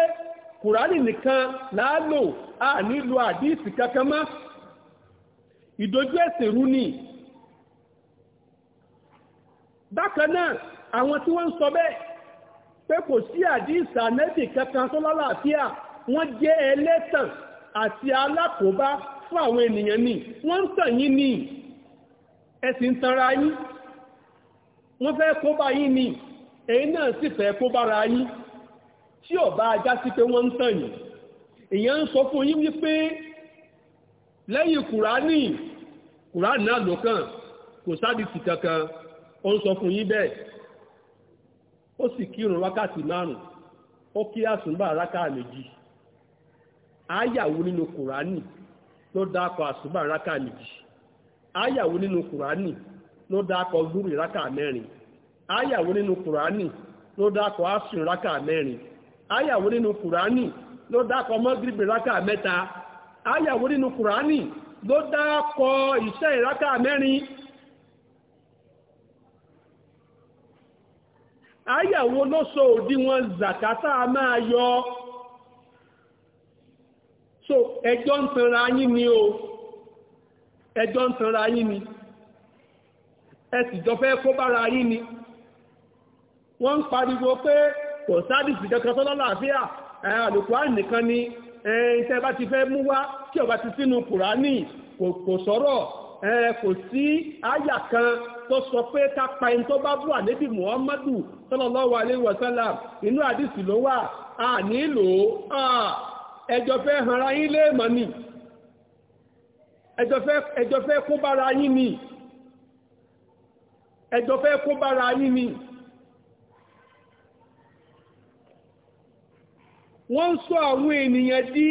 kùránì nìkan láálò a nílò àdíìsì kankan mọ́ ìdojú ẹ̀sìn rú ni bákan náà àwọn tí wọ́n ń sọ bẹ́ẹ̀ pé kò sí àdíìsà nẹ́bì kankan tó lálàáfíà wọ́n jẹ́ ẹlẹ́tàn àti alákòóbá fún àwọn ènìyàn ni wọ́n ń tàn yín ni ẹ sì ń tanra yín wọ́n fẹ́ kó bá yín ni èyí náà sì fẹ́ kó bára yín tí ò bá ajá sí pé wọ́n ń tàn yín èyàn ń sọ fún yín wípé lẹ́yìn kùránì kùránì náà lọ́kàn kò sáàdìsì kankan ó ń sọ fún yín bẹ́ẹ̀ ó sì kírun wákàtí márùn ó kí àsùnbà rákà méjì áyàwó nínú kùránì ló dákọ̀ àsùnbà rákà méjì áyàwó nínú kùránì ló dákọ̀ lúrì rákà mẹ́rin áyàwó nínú kùránì ló dákọ̀ àsùn rákà mẹ́rin áyàwó nínú kùránì ló dákọ̀ mọ́gìrìbì rákà mẹ́ta áyàwó nínú kùránì ló dákọ̀ mẹ́rin àyàwó ló sọ òdiwọ̀n zakata máa yọ so ẹjọ́ ń tanra yín ni o ẹjọ́ ń tanra yín ni ẹ sì jọ fẹ́ kó bára yín ni wọ́n ń pariwo pé kò sáàdìsì kankan tọ́lọ́ làáfíà àlùkùránì nìkan ni ẹ̀ẹ́ntẹ́ bá ti fẹ́ mú wá kí ó bá ti sínú kùránì kò sọ̀rọ̀ kò sí àyà kan tó sọ pé ká pa ẹni tó bá bú ànábì Muhammadu sallallahu alaihi wasallam inú àdìsí ló wà a nílò ẹjọ́ fẹ́ hanra yín léèmọ̀ ni ẹjọ́ kó bára yín ni ẹjọ́ kó bára yín ni wọ́n sọ àwọn ènìyàn di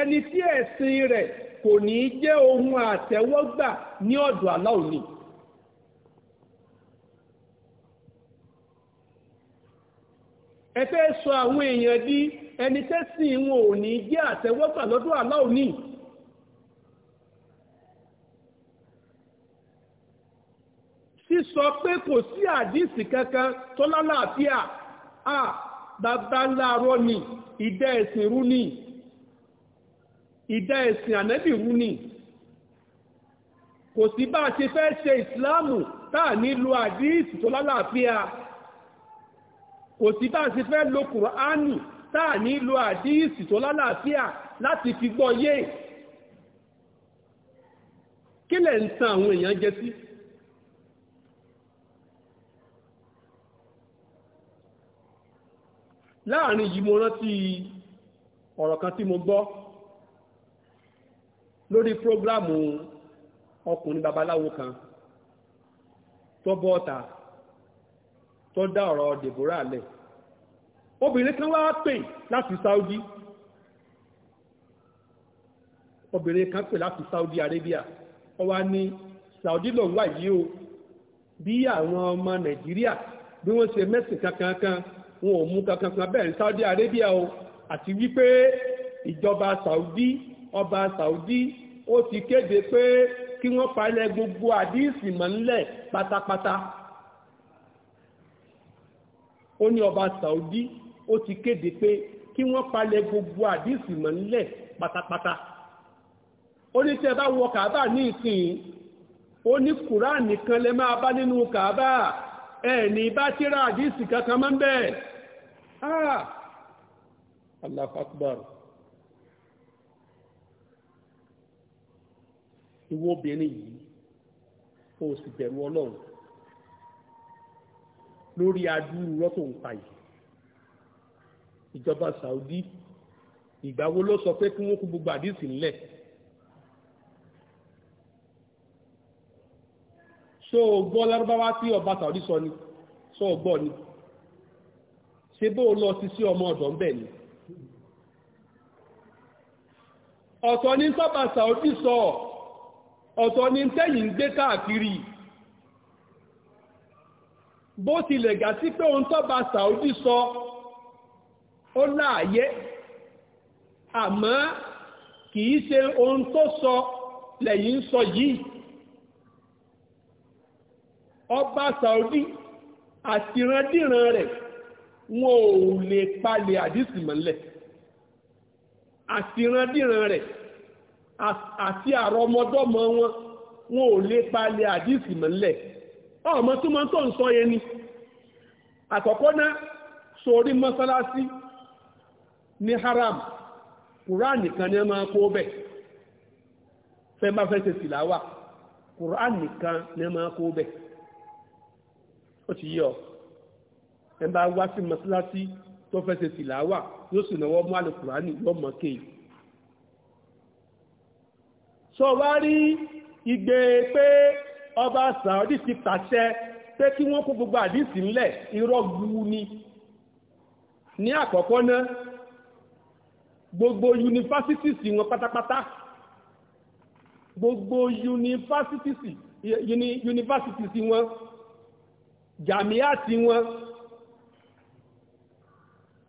ẹni tí ẹ̀sìn rẹ̀ kò ní jẹ́ ohun àtẹ́wọ́gbà ní ọ̀dọ̀ ẹ sọ àwọn èèyàn di ẹni tẹ́sìn wọn ò ní jẹ́ lọ́dọ̀ àlá òní sọ pé kò sí àdísì kankan tó lálàáfíà à bàbá láàárọ̀ ni ìdá ẹ̀sìn rú ni ìdá ẹ̀sìn ànẹ́bì rú ni kò sí bá a ṣe fẹ́ ṣe ìsìláàmù táà nílò àdísì tó kò sí bá ṣe fẹ́ lo kùránì táà ní lo àdíìsì tó lálàáfíà láti fi gbọ́ yé kí lẹ̀ ń tan àwọn èèyàn jẹ sí láàrin yìí mo rántí ọ̀rọ̀ kan tí mo gbọ́ lórí prógrámù ọkùnrin babaláwo kan tó bọ́ ọ̀tà ọ̀rọ̀ Deborah lẹ̀ obìnrin kan wá pè láti Saudi obìnrin kan pè láti Saudi Arabia ó wá ní Saudi lòun wà yìí o bí àwọn ọmọ Nàìjíríà bí wọ́n ṣe mẹ́sìn kankankan wọn ò mú kankankan bẹ́ẹ̀ Saudi Arabia o àti wípé ìjọba Saudi ọba Saudi ó ti kéde pé kí wọ́n palẹ̀ gbogbo àdíìsì mọ́ ńlẹ̀ pátápátá ó ní ọba Saudi ó ti kéde pé kí wọ́n palẹ̀ gbogbo àdísì mọ́ nílẹ̀ pátápátá ó ní tẹ́ bá wọ kàábà ní ìsìn ó ní kùrán nìkan lẹ máa bá nínú kàábà ẹ̀ ní bá tíra àdísì kankan mọ́ bẹ́ẹ̀ ah allah akbar ìwọ obìnrin yìí ó sì bẹ̀rù ọlọ́run lórí adúrú rọ́tò ń pa yìí ìjọba Saudi ìgbà wo ló sọ pé kí wọ́n kú gbogbo àdìsí ńlẹ̀ so gbọ́ lárúbáwá tí ọba Saudi sọ ni so gbọ́ ni ṣe bó lọ sí sí ọmọ ọ̀dọ̀ ń ni ọ̀tọ̀ ni sọ́ba Saudi sọ ọ̀tọ̀ ni tẹ́yìn ń gbé káàkiri bó tilẹ̀ gà sí pé ohun tọ́ba Saudi sọ ó láàyé àmọ́ kìí ṣe ohun tó sọ lẹ́yìn sọ yìí ọba Saudi àtìrandíran rẹ̀ wọn ò lè palẹ̀ àdísì mọ́lẹ̀ àtìrandíran rẹ̀ àti àrọmọdọ́mọ wọn wọn ò lè palẹ̀ àdísì mọ́lẹ̀ ọmọ tó mọ́ tó ń sọ yẹn ni àkọ́kọ́ náà sórí mọ́sálásí ní haram kùránì kan ní ẹmọ kó bẹ̀ fẹ́ bá fẹ́ ṣe quran nìkan kan ní ẹmọ kó bẹ̀ ó ti yọ ẹ bá wá sí tó fẹ́ yóò sì mú àlè yóò ọba Saudi ti pàṣẹ pé kí wọ́n kó gbogbo àdìsí ńlẹ̀ irọ́ ni ní gbogbo yunifásitìsì wọn pátápátá gbogbo yunifásitìsì yunifásitìsì wọn jàmíàtì wọn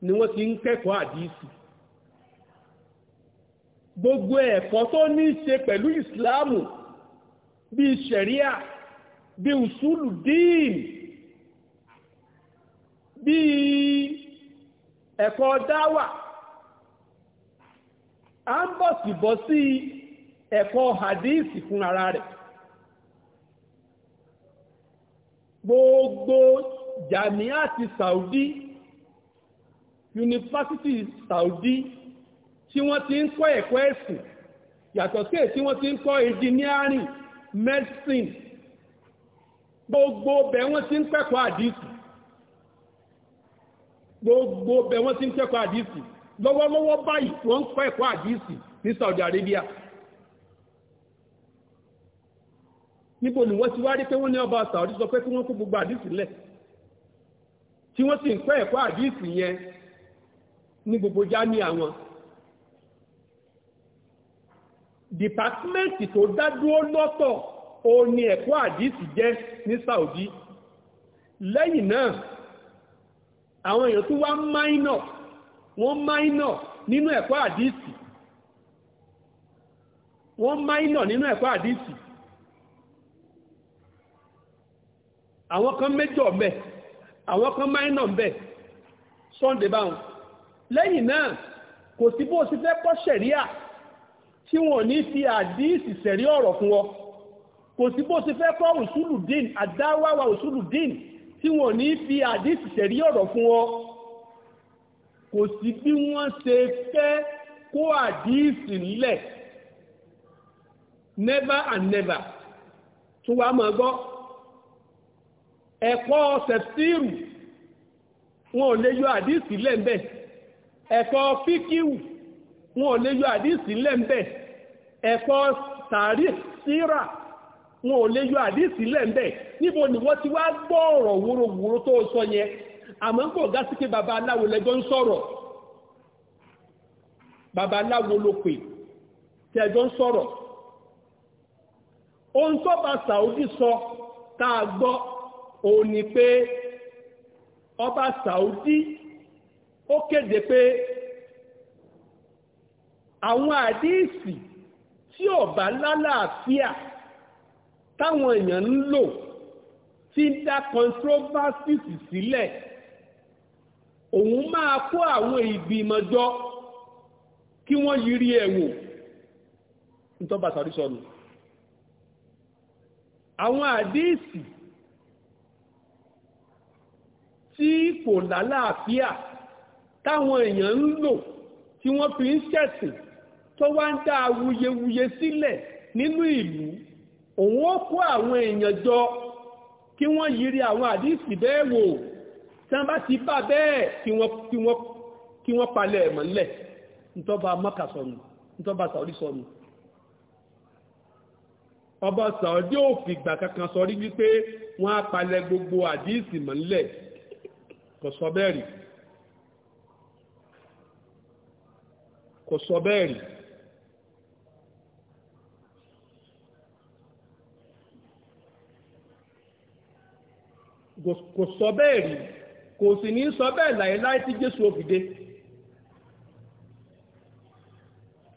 ni wọ́n ti ń kẹ́kọ̀ọ́ àdìsí gbogbo ẹ̀kọ́ tó ní ṣe pẹ̀lú ìsìláàmù bí ṣẹ̀ríà bí usulu díìn bí ẹ̀kọ́ dáwà a ń bọ̀ sí bọ́ sí ẹ̀kọ́ hadisi fún rẹ̀ gbogbo jàmíà ti Saudi yunifásitì Saudi tí wọ́n ti ń kọ́ ẹ̀kọ́ ẹ̀sìn yàtọ̀ sí tí wọ́n ti ń kọ́ engineering medicine gbogbo bẹ̀ wọ́n ti ń kẹ́kọ̀ọ́ hadisi gbogbo bẹ̀ wọ́n ti ń kẹ́kọ̀ọ́ hadisi lọ́wọ́lọ́wọ́ báyìí wọ́n ń kọ́ ẹ̀kọ́ àdíìsì ní Saudi Arabia níbo ni wọ́n ti wá rí pé wọ́n ní ọba Saudi sọ pé kí wọ́n kó gbogbo àdíìsì lẹ̀ tí wọ́n sì ń kọ́ ẹ̀kọ́ àdíìsì yẹn ní gbogbo jámí àwọn dìpátímẹ́ǹtì tó dádúró lọ́tọ̀ ó ní ẹ̀kọ́ àdíìsì jẹ́ ní Saudi lẹ́yìn náà àwọn èèyàn tó wá minor wọ́n máínà nínú ẹ̀kọ́ àdíìsì wọ́n máínà nínú ẹ̀kọ́ àdíìsì àwọn kan méjọ̀ mbẹ̀ àwọn kan máínà mbẹ̀ sunday bound lẹ́yìn náà kò sí bó sí fẹ́ kọ́ sẹ̀ríà tí wọ́n ní fi àdíìsì sẹ̀rí ọ̀rọ̀ fún ọ kò sí bó sí fẹ́ kọ́ òṣùlù dín àdáwáwà òṣùlù dín tí wọ́n ní fi àdíìsì sẹ̀rí ọ̀rọ̀ fún ọ kò sí bí wọ́n ṣe fẹ́ kó àdíìsì nílẹ̀ never and never tó wá mọ̀ gbọ́ ẹ̀kọ́ sẹ̀fíìrù wọn ò lè yọ àdíìsì lẹ́m̀bẹ̀ ẹ̀kọ́ fíkíwù wọn ò lè yọ àdíìsì lẹ́m̀bẹ̀ ẹ̀kọ́ tàrí síra wọn ò lè yọ àdíìsì lẹ́m̀bẹ̀ níbo ni wọ́n ti wá gbọ́ ọ̀rọ̀ wúrowúro tó sọ yẹn àmọ́ kò gá sí pé bàbá aláwo lẹ́jọ́ ń sọ̀rọ̀ bàbá aláwo ló pè tẹ́jọ́ ń sọ̀rọ̀ ohun tó bá Saudi sọ tá a gbọ́ òun ni pé ọba Saudi ó kéde pé àwọn àdíìsì tí ọba lálàáfíà táwọn èèyàn ń lò ti ń dá controversies sílẹ̀ si òun máa kó àwọn ìgbìmọ̀ jọ kí wọ́n yiri ẹ̀wò nítọ́bà sàrí sọ́nù àwọn àdíìsì tí kò lálàáfíà táwọn èèyàn ń lò tí wọ́n fi ń ṣẹ̀sìn tó wá ń dá awuyewuye sílẹ̀ nínú ìlú òun ó kó yiri àwọn àdíìsì bẹ́ẹ̀ tán bá ti bá bẹ́ẹ̀ kí wọ́n palẹ̀ ẹ̀mọ̀ ńlẹ̀ nítọ́ba mọ́kà sọnù nítọ́ba sàórí sọnù ọba sàórí ò fìgbà kankan sọrí wípé wọ́n á palẹ̀ gbogbo àdíìsì mọ́ ńlẹ̀ kò sọ bẹ́ẹ̀ rí kò sọ bẹ́ẹ̀ rí kò sọ bẹ́ẹ̀ rí kò sì ní sọ bẹ́ẹ̀ láéláé tí Jésù òfìdé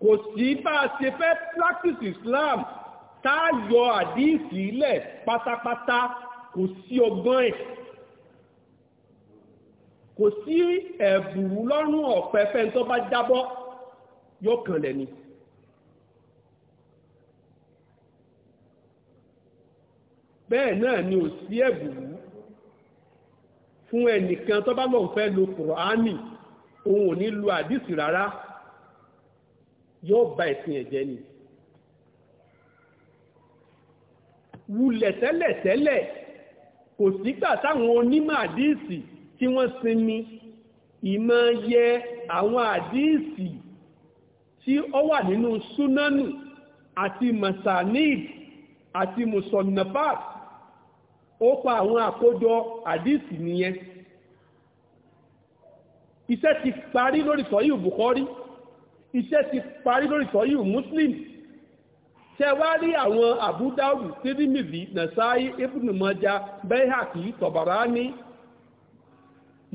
kò sí bá a ṣe fẹ́ practice Islam tá a yọ àdíìsì ilẹ̀ pátápátá kò sí ọgbọ́n ẹ̀ kò sí ẹ̀bùrú lọ́rùn ọ̀pẹ fẹ́ni tó bá jábọ́ yóò kanlẹ̀ ni. bẹ́ẹ̀ náà ni ò sí ẹ̀bùrú fún ẹnìkan tó bá lóun fẹ́ lo kùránì òun ò ní lu àdìsí rárá yóò ba ẹ̀sìn ẹ̀jẹ̀ ni wulẹ̀ tẹ́lẹ̀tẹ́lẹ̀ kò sígbà táwọn onímọ̀ àdìsí tí wọ́n sinmi ìmọ̀ yẹ àwọn àdìsí tí ó wà nínú súnánù àti masanid àti musonafat ó pa àwọn àkójọ àdíìsì nìyẹn iṣẹ́ ti parí lórí sọ́yí Bukhari iṣẹ́ ti parí lórí sọ́yí Muslim ṣe wá rí àwọn Abu Dawud Tirmidhi Nasai Ibn Majah Bayhaqi Tabarani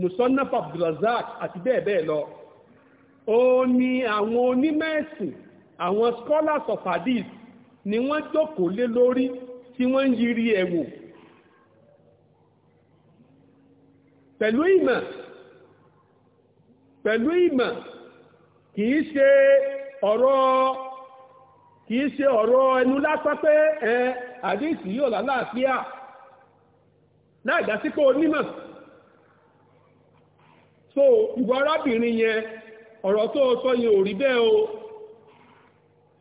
Musannaf Abdulrazak àti bẹ́ẹ̀ bẹ́ẹ̀ lọ ó ní àwọn onímẹ̀ẹ̀sìn àwọn scholars of hadith ni wọ́n jókòó lé lórí tí wọ́n ń yiri ẹ̀wò pẹ̀lú ìmọ̀ pẹ̀lú ìmọ̀ kìí ṣe ọ̀rọ̀ kìí ṣe ọ̀rọ̀ ẹnu lásán pé ẹ àdéhìsì yóò lálàáfíà láìdásípò onímọ̀ so ìwọ arábìnrin yẹn ọ̀rọ̀ tó sọ yẹn ò rí bẹ́ẹ̀ o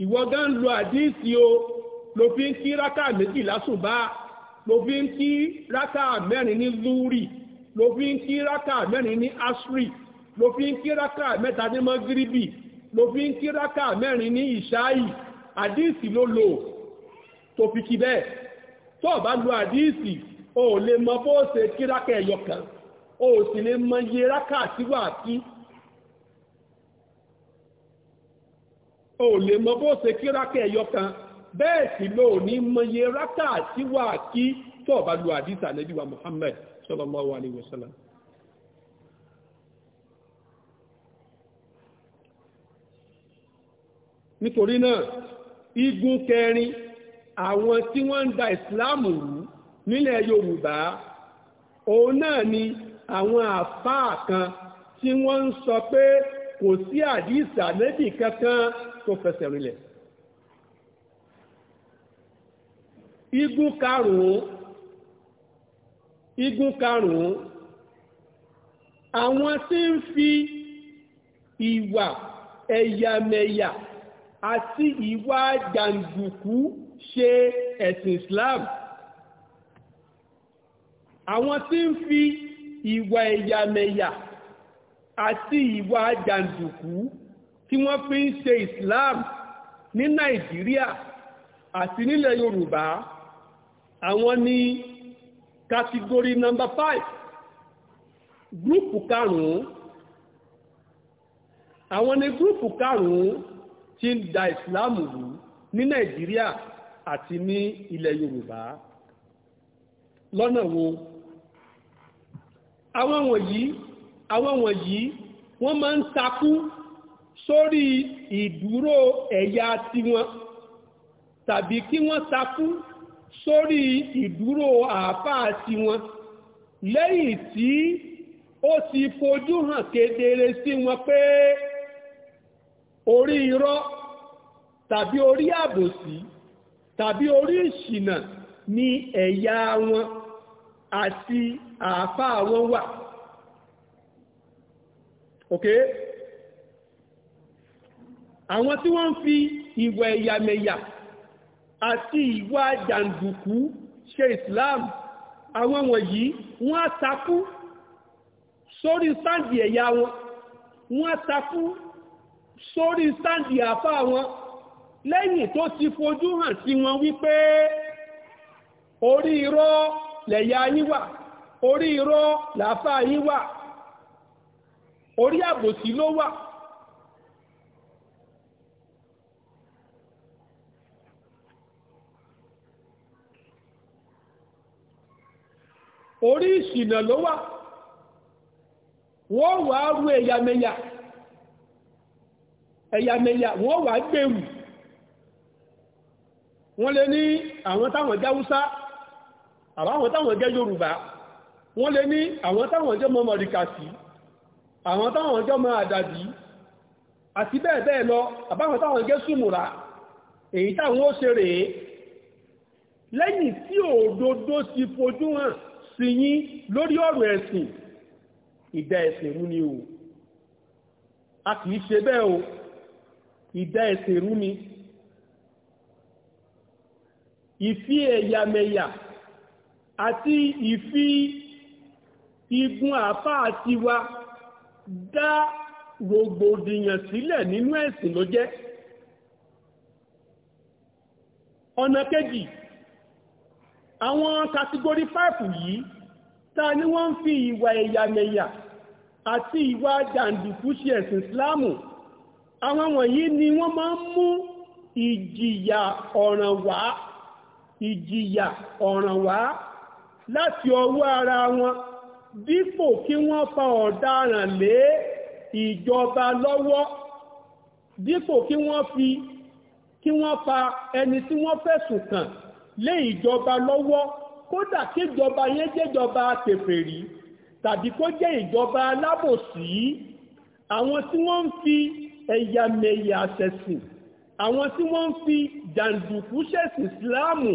ìwọ gan lo àdéhìsì o ló fi ń kí rákà méjì lásùbá ló fi ń kí rákà mẹ́rin ní lúrì ló fi ń kí rákà mẹ́rin ní asri ló fi ń kí rákà mẹ́ta ní magribi ló fi ń kí rákà mẹ́rin ní ìṣáì àdíìsì ló lò tó fi kí bẹ́ẹ̀ tó bá lo àdíìsì o lè mọ bó ṣe kí rákà ẹyọ kan o sì lè mọ iye rákà tí wà kí o lè mọ bó ṣe kí rákà ẹyọ kan bẹ́ẹ̀ sì lò ní mọ iye rákà tí wà kí tó bá lo àdíìsì àlẹ́bíwá Muhammad sallallahu alayhi wa sallam. nítorí náà igun kẹrin àwọn tí wọ́n ń da ìsìláàmù rú nílẹ̀ yorùbá òun náà ni àwọn àfáà kan tí wọ́n ń sọ pé kò sí àdìsà méjì kankan tó fẹsẹ̀ rinlẹ̀ igun karùn-ún igun karùn-ún àwọn tí ń fi ìwà ẹ̀yàmẹ̀yà àti ìwà jàǹdùkú ṣe ẹ̀sìn Islam àwọn tí ń fi ìwà ẹ̀yàmẹ̀yà àti ìwà jàǹdùkú tí wọ́n fi ń ṣe Islam ní Nàìjíríà àti nílẹ̀ Yorùbá àwọn ni Category number five gúrùpù karùn-ún àwọn ni gúrùpù karùn ti ń da ìsìláàmù rú ní nàìjíríà àti ní ilẹ̀ yorùbá lọ́nà wo àwọn wọ̀nyí àwọn wọ̀nyí wọ́n máa ń takú sórí ìdúró ẹ̀yà tiwọn tàbí kí wọ́n takú sórí ìdúró àáfàá tiwọn lẹ́yìn tí ó ti fojú hàn kedere sí wọn pé orí irọ́ tàbí orí àbòsí tàbí orí ìṣìnà ni ẹ̀yà wọn àti àáfàá wọn wà. Okay? àwọn tí wọ́n ń fi ìwẹ̀ ẹ̀yàmẹ̀yà àti ìwà jàǹdùkú ṣe Islam àwọn wọ̀nyí wọ́n á takú sórí sáǹdì ẹ̀yà wọn wọ́n á takú sórí sáǹdì àfá wọn lẹ́yìn tó ti fojú hàn sí wọn wípé orí irọ́ lẹ̀yà yín orí irọ́ làáfà yín orí àbòsí ló wà orí ìṣìnà ló wà wọ́n wà á rú ẹ̀yàmẹ̀yà ẹ̀yàmẹ̀yà wọ́n wà á gbèrú wọ́n lè ní àwọn táwọn jẹ́ Haúsá àwọn táwọn jẹ́ Yorùbá wọ́n lè ní àwọn táwọn jẹ́ mọ́ mọ̀ríkàsí àwọn táwọn jẹ́ mọ́ àdàdì àti bẹ́ẹ̀ bẹ́ẹ̀ lọ àbáwọn táwọn jẹ́ súnmùrà èyí táwọn ó ṣe rèé lẹ́yìn tí òdodo ti fojú hàn sí yín lórí ọ̀rọ̀ ẹ̀sìn ìdá ẹ̀sìn rú ni o a kìí ṣe bẹ́ẹ̀ o ìdá ẹ̀sìn rú ni ìfi ẹ̀yàmẹ̀yà àti ìfi igun àfáà tiwa dá rògbòdìyàn sílẹ̀ nínú ẹ̀sìn ló jẹ́ ọ̀nà kejì àwọn kàtígórí 5 yìí ta ni wọ́n ń fi ìwà ẹ̀yàmẹ̀yà àti ìwà jàǹdùkú ṣe ẹ̀sìn islamu àwọn wọ̀nyí ni wọ́n máa ń mú ìjìyà ọ̀ràn wá ìjìyà ọ̀ràn wá láti ọwọ́ ara wọn dípò kí wọ́n fa ọ̀daràn lé ìjọba lọ́wọ́ dípò kí wọ́n fi kí wọ́n fa ẹni tí wọ́n fẹ̀sùn kàn lé ìjọba lọ́wọ́ kódà kíjọba yẹn jẹ́jọba kèfèrí tàbí kó jẹ́ ìjọba alábòsí àwọn tí wọ́n ń fi ẹ̀yàmẹ̀yà ṣẹ̀sìn àwọn tí wọ́n ń fi jàǹdùkú ṣẹ̀sìn ìsìláàmù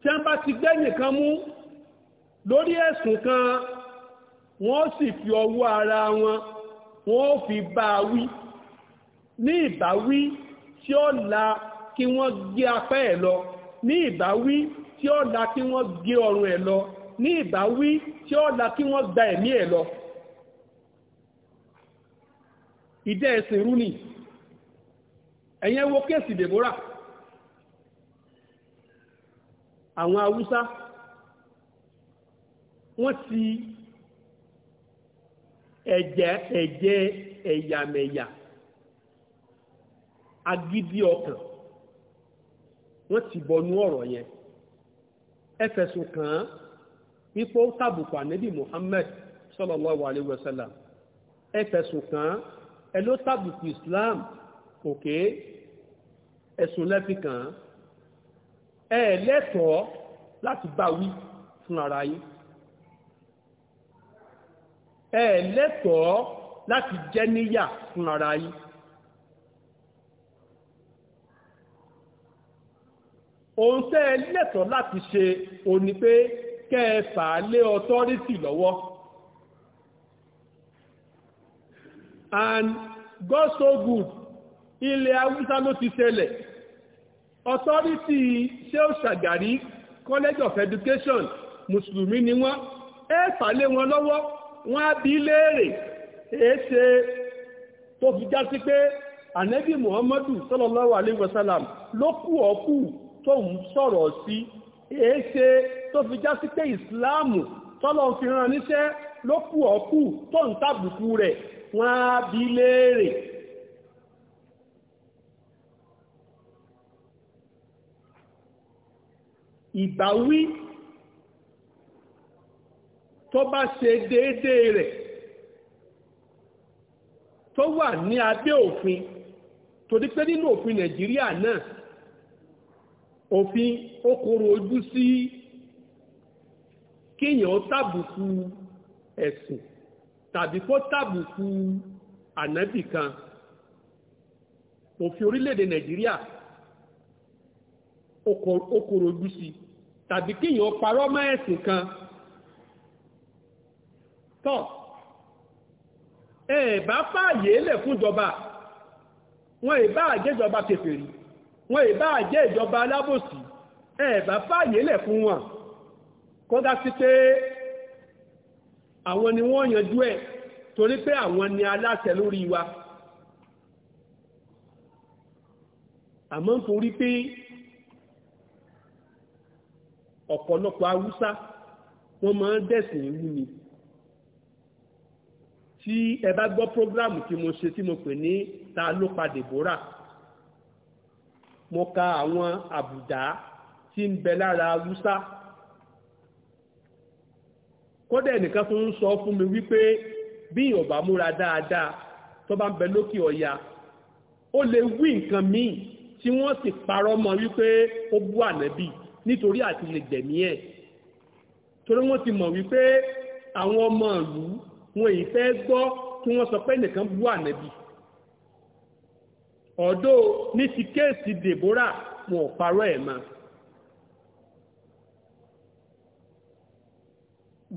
tí wọ́n bá ti gbé nìkan mú lórí ẹ̀sùn kan wọ́n sì fi ọwọ́ ara wọn wọ́n fi bá a wí ní ìbáwí tí ó la kí wọ́n gé apá ẹ̀ lọ ní ìbáwí tí ó la kí wọ́n gé ọrùn ẹ̀ lọ ní ìbáwí tí ó la kí wọ́n gba ẹ̀mí ẹ̀ lọ ìdẹ́ ẹ̀sìn rú ẹ̀yẹn wo kéèsì dèbórà àwọn haúsá wọ́n ti ẹ̀jẹ̀ ẹ̀jẹ̀ ẹ̀yàmẹ̀yà agídí ọkàn wọ́n ti bọnú ọ̀rọ̀ yẹn ẹ fẹ̀sùn kàn án ipò tàbùkù ànábì Muhammad sallallahu alaihi wasallam ẹ fẹ̀sùn kàn án ẹ ló tàbùkù Islam òkè ẹ̀sùn lẹ́fi kàn án ẹ lẹ́tọ̀ọ́ láti bá wí fún ara yín ẹ lẹ́tọ̀ọ́ láti jẹ́ níyà fún ara yín ohun tẹ́ ẹ lẹ́tọ̀ọ́ láti ṣe ó ní pé kẹ́ ẹ fà á lé authority lọ́wọ́ and God so good ilẹ̀ haúsá ló ti ṣẹlẹ̀ authority Shehu Shagari College of Education mùsùlùmí ni wọ́n ẹ fà á lé wọn lọ́wọ́ wọ́n á bí léèrè èé ṣe tó fi já sí pé ànẹ́bí Muhammadu sallallahu alaihi wasallam ló kú ọkù tóun sọ̀rọ̀ sí èéṣe tó fi já sí pé ìsìláàmù tọ́lọ̀ fi rán níṣẹ́ ló kù ọkù tó ń tàbùkù rẹ̀ wọ́n á bí léèrè ìbáwí tó bá ṣe déédéé rẹ̀ tó wà ní abẹ́ òfin torí nínú òfin Nàìjíríà náà òfin ó kóró ojú sí kéèyàn tàbùkù ẹ̀sìn tàbí kó tàbùkù ànábì kan òfin orílẹ̀-èdè nàìjíríà ó kóró ojú sí tàbí kéèyàn parọ́ mọ́ ẹ̀sìn kan tọ́ ẹ̀ẹ̀bá fààyè lẹ̀ fúnjọba wọn ìbá àjẹ́jọba kèfèrí wọn ìbá jẹ́ ìjọba alábòsí ẹ̀ẹ̀bá fààyè lẹ̀ fún wọn kódà sí pé àwọn ni wọ́n yanjú ẹ̀ torí pé àwọn ni aláṣẹ lórí wa àmọ́ nítorí pé ọ̀pọ̀lọpọ̀ haúsá wọ́n máa ń dẹ̀sìn ìwú ni tí ẹ bá gbọ́ prógráàmù tí mo ṣe tí mo pè ní ta ló pa Deborah mo ka àwọn àbùdá tí ń bẹ lára wúsá kódà ẹnìkan tó ń sọ fún mi wípé bí ìyàn bá múra dáadáa tó bá ń bẹ lókè ọ̀yà ó lè wí nǹkan míì tí wọ́n sì parọ́ mọ́ wípé ó bú ànábì nítorí àti lè gbẹ̀mí ẹ̀ torí wọ́n ti mọ̀ wípé àwọn ọmọ ìlú wọn ì fẹ́ gbọ́ kí wọ́n sọ pé nìkan bú ànábì ọ̀dọ́ ní ti kéèsì Deborah wọn parọ́ ẹ̀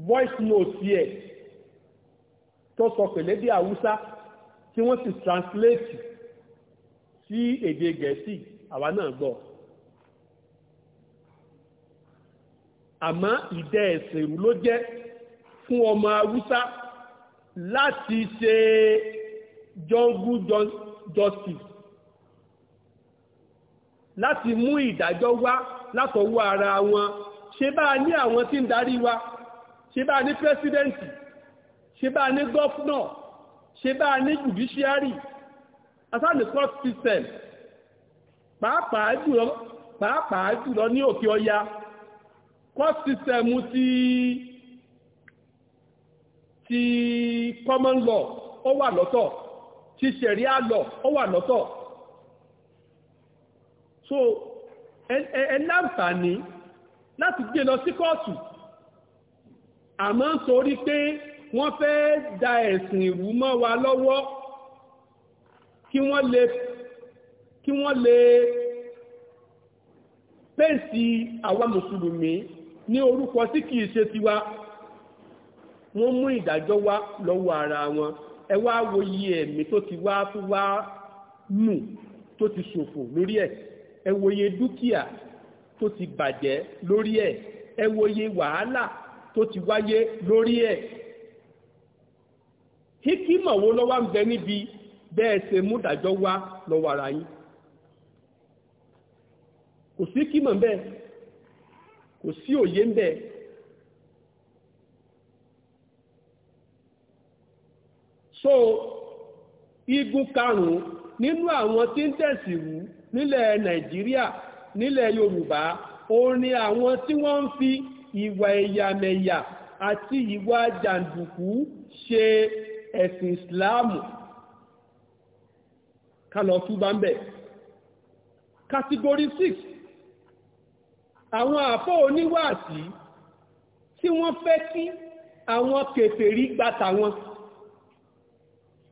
voice note yẹ tó sọ pẹ̀lẹ́ bí Haúsá tí wọ́n sì translate sí èdè Gẹ̀ẹ́sì àwa náà gbọ́ àmọ́ ìdẹ ẹ̀sìn ìrù ló jẹ́ fún ọmọ Haúsá láti ṣe jungle justice láti mú ìdájọ́ wá látọwọ́ ara wọn ṣe bá a ní àwọn tí ń darí wa ṣe bá a ní pẹ́sidẹ́ǹtì ṣe bá a ní gọ́fúnà ṣe bá ní jùdíṣíárì asáàlì court system pàápàá jùlọ pàápàá jùlọ ní òkè ọya court system ti ti common law ó wà lọ́tọ̀ ti ṣẹ̀ríà law ó wà lọ́tọ̀ so ẹ láǹfààní láti gbé lọ sí kóòtù àmọ́ torí pé wọ́n fẹ́ da ẹ̀sìn ìrú mọ́ wa lọ́wọ́ kí wọ́n lè kí wọ́n lè pèsè àwa mùsùlùmí ní orúkọ tí kìí ṣe tiwa wọ́n mú ìdájọ́ wá lọ́wọ́ ara wọn ẹ wá wo iye ẹ̀mí tó ti wá tó wá nù tó ti ṣòfò lórí ẹ̀ ẹ wòye dúkìá tó ti bàjẹ́ lórí ẹ̀ ẹ wòye wàhálà tó ti wáyé lórí ẹ̀ hikima wo ló ń bẹ níbi bẹ́ẹ̀ ṣe mú dájọ́ wá lọ́wọ́ ara yín kò sí hikima ń kò sí òye ń so igun karùn-ún nínú àwọn tí ń tẹ̀sí wù nílẹ̀ nàìjíríà nílẹ̀ yorùbá òun ni àwọn tí wọ́n ń fi ìwà ẹ̀yàmẹ̀yà àti ìwà jàǹdùkú ṣe ẹ̀sìn ìsìláàmù kálọ̀ túbá ń bẹ̀. category 6 àwọn àfọ́ oníwàásí tí wọ́n fẹ́ kí àwọn kèfèrí gbàtà wọn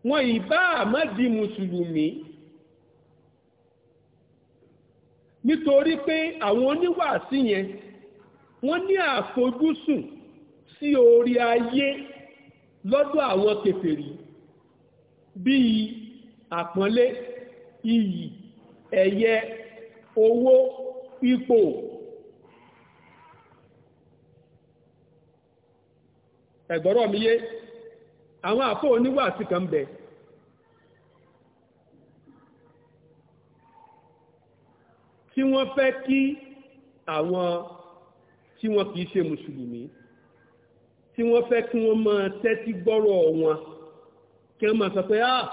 wọn ìbá àmọ́dí mùsùlùmí nítorí pé àwọn oníwàásí yẹn wọ́n ní àfojúsùn sí orí ayé lọ́dọ̀ àwọn kèfèrí bíi àpọ́nlé iyì ẹ̀yẹ owó ipò ẹ̀gbọ́rọ̀ mi yé àwọn àfọ́ oníwàásí kan bẹ̀ẹ́ tí wọ́n fẹ́ kí àwọn tí wọ́n kìí ṣe mùsùlùmí tí wọ́n fẹ́ kí wọ́n máa tẹ́tí gbọ́rọ̀ wọn kí wọ́n máa sọ pé ah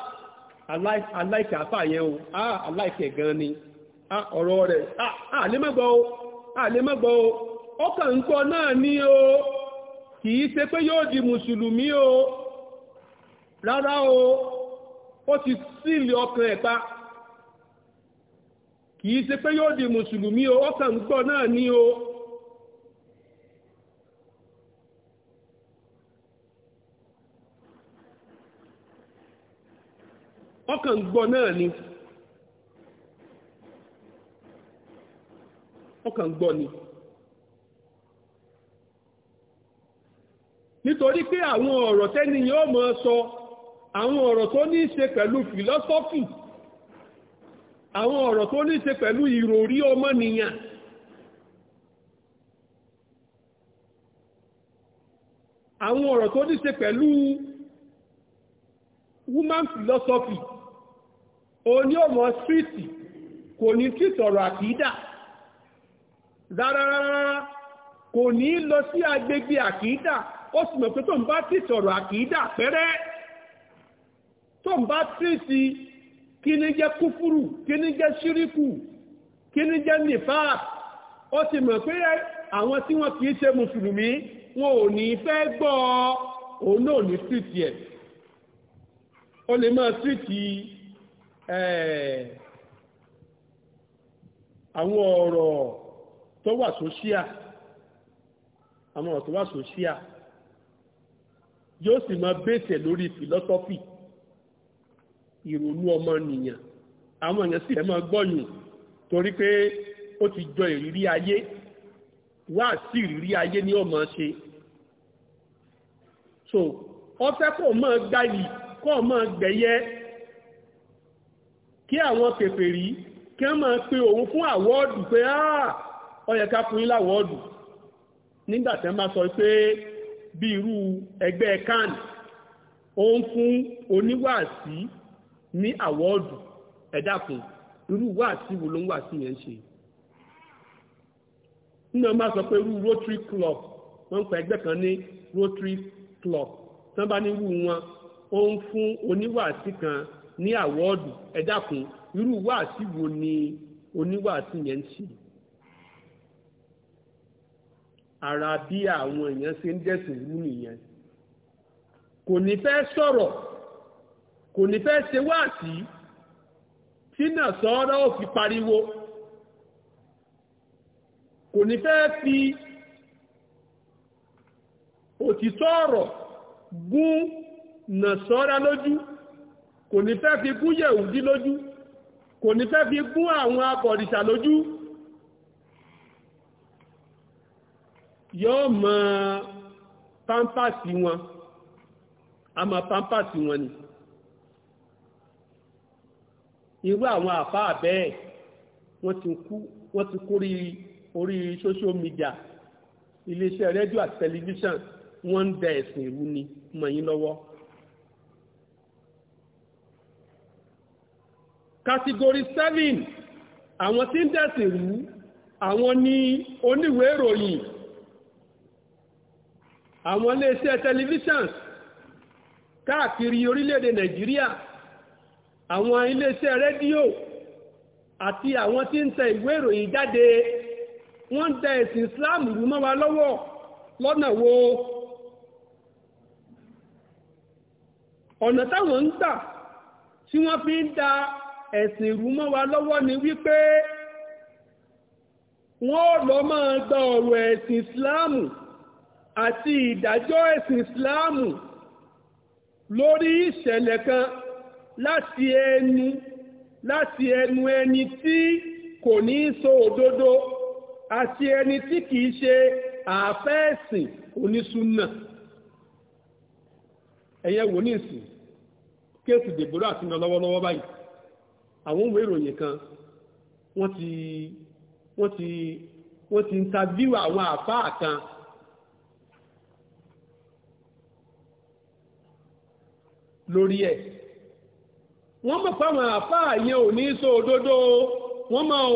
aláìkẹ́ àfà yẹn o ah aláìkẹ́ gan ni ah ọ̀rọ̀ rẹ̀ ah, ah lè má o ah, ń náà ní o ṣe pé yóò di mùsùlùmí o rárá o ó ti sílì ọkàn yi ṣe pé yóò di mùsùlùmí o ó gbọ́ náà o ó gbọ́ náà ni ó gbọ́ ni nítorí pé àwọn sọ àwọn ọ̀rọ̀ tó ní í ṣe àwọn ọ̀rọ̀ tó ní ṣe pẹ̀lú ìròrí ọmọnìyàn àwọn ọ̀rọ̀ tó ní ṣe pẹ̀lú woman philosophy òní ọmọ síìtì kò ní kí sọ̀rọ̀ àkídà rárárárá kò ní lọ sí agbègbè àkídà ó sì mọ̀ pé tó ń bá tí sọ̀rọ̀ àkídà pẹ́rẹ́ tó ń bá tí kí ni jẹ́ kúfúrù kí ni jẹ́ ṣíríkù kí ni jẹ́ nìfàá ó ti mọ̀ pé àwọn tí wọ́n kìí ṣe mùsùlùmí wọn ò ní fẹ́ gbọ́ òun náà ní síìtì ẹ̀ ó lè máa síìtì àwọn ọ̀rọ̀ tó wà sóṣíà àwọn ọ̀rọ̀ tó wà sóṣíà yóò sì máa bẹ́sẹ̀ lórí fìlọ́tọ́fì ìrònú ọmọ nìyàn àwọn èèyàn sì fẹ́ máa gbọ́yìn torí pé ó ti jọ ìrírí ayé wá sí ìrírí ayé ní ọmọ ṣe so ọfẹ́ kò mọ́ gbáyì kò mọ́ gbẹ̀yẹ kí àwọn kèfèrí kí wọ́n máa pe òun fún àwọ́ọ̀dù pé áà ó yẹ ká fún yín láwọ́ọ̀dù nígbàtí wọ́n bá sọ pé bí irú ẹgbẹ́ kan òun fún oníwàásí ní àwọ́ọ̀dù ẹ̀dá kan irú wá sí wo ló ń wá sí yẹn ṣe nínú ọmọ sọ pé irú Rotary Club wọ́n ń pa ẹgbẹ́ kan ní Rotary Club tí wọ́n bá ní irú wọn ó ń fún oníwàásí kan ní àwọ́ọ̀dù ẹ̀dá irú wá sí wo ni oníwàásí yẹn ń ṣe ara bí àwọn èèyàn ṣe ń dẹ̀sìn wú nìyẹn kò ní fẹ́ sọ̀rọ̀ kò ní fẹ́ ṣe wáàsí tí náà sọ́ọ́rọ́ ò fi pariwo kò ní fẹ́ fi òtítọ́ ọ̀rọ̀ gún nà sọ́ra lójú kò ní fẹ́ fi gún yẹ̀wùdí lójú kò ní fẹ́ fi gún àwọn akọ̀rìṣà lójú yóò mọ pampasi wọn a mọ pampasi wọn ni irú àwọn àfáà bẹ́ẹ̀ wọ́n ti kú wọ́n orí social media iléeṣẹ́ rédíò àti tẹlifíṣàn wọ́n ń da ẹ̀sìn ìrú ni mọ̀ lọ́wọ́. category seven àwọn tí ń dẹ̀sìn ìrú àwọn ni oníwèé ìròyìn àwọn iléeṣẹ́ tẹlifíṣàn káàkiri orílẹ̀-èdè nàìjíríà àwọn iléeṣẹ́ rédíò àti àwọn tí ń tẹ ìwé ìròyìn jáde wọ́n tẹ ẹ̀sìn Islam rú mọ́ wa lọ́wọ́ lọ́nà wo ọ̀nà táwọn ń gbà tí wọ́n fi ń da ẹ̀sìn rú mọ́ wa lọ́wọ́ ni wípé wọ́n lọ máa gba ọ̀rọ̀ ẹ̀sìn Islam àti ìdájọ́ ẹ̀sìn Islam lórí ìṣẹ̀lẹ̀ kan láti ẹnu láti ẹnu ẹni tí kò ní sọ òdodo àti ẹni tí kìí ṣe àfẹ́ẹ̀sìn onísúnà ẹ̀yẹ wò ní ìsìn kéèsì dèbòrò àti ìnà lọ́wọ́lọ́wọ́ báyìí àwọn òwe ìròyìn kan wọ́n ti wọ́n ti wọ́n ti interview àwọn àfáà kan lórí ẹ̀ wọ́n mọ̀ fáwọn àfáà yẹn ò ní sọ òdodo wọ́n mọ̀ o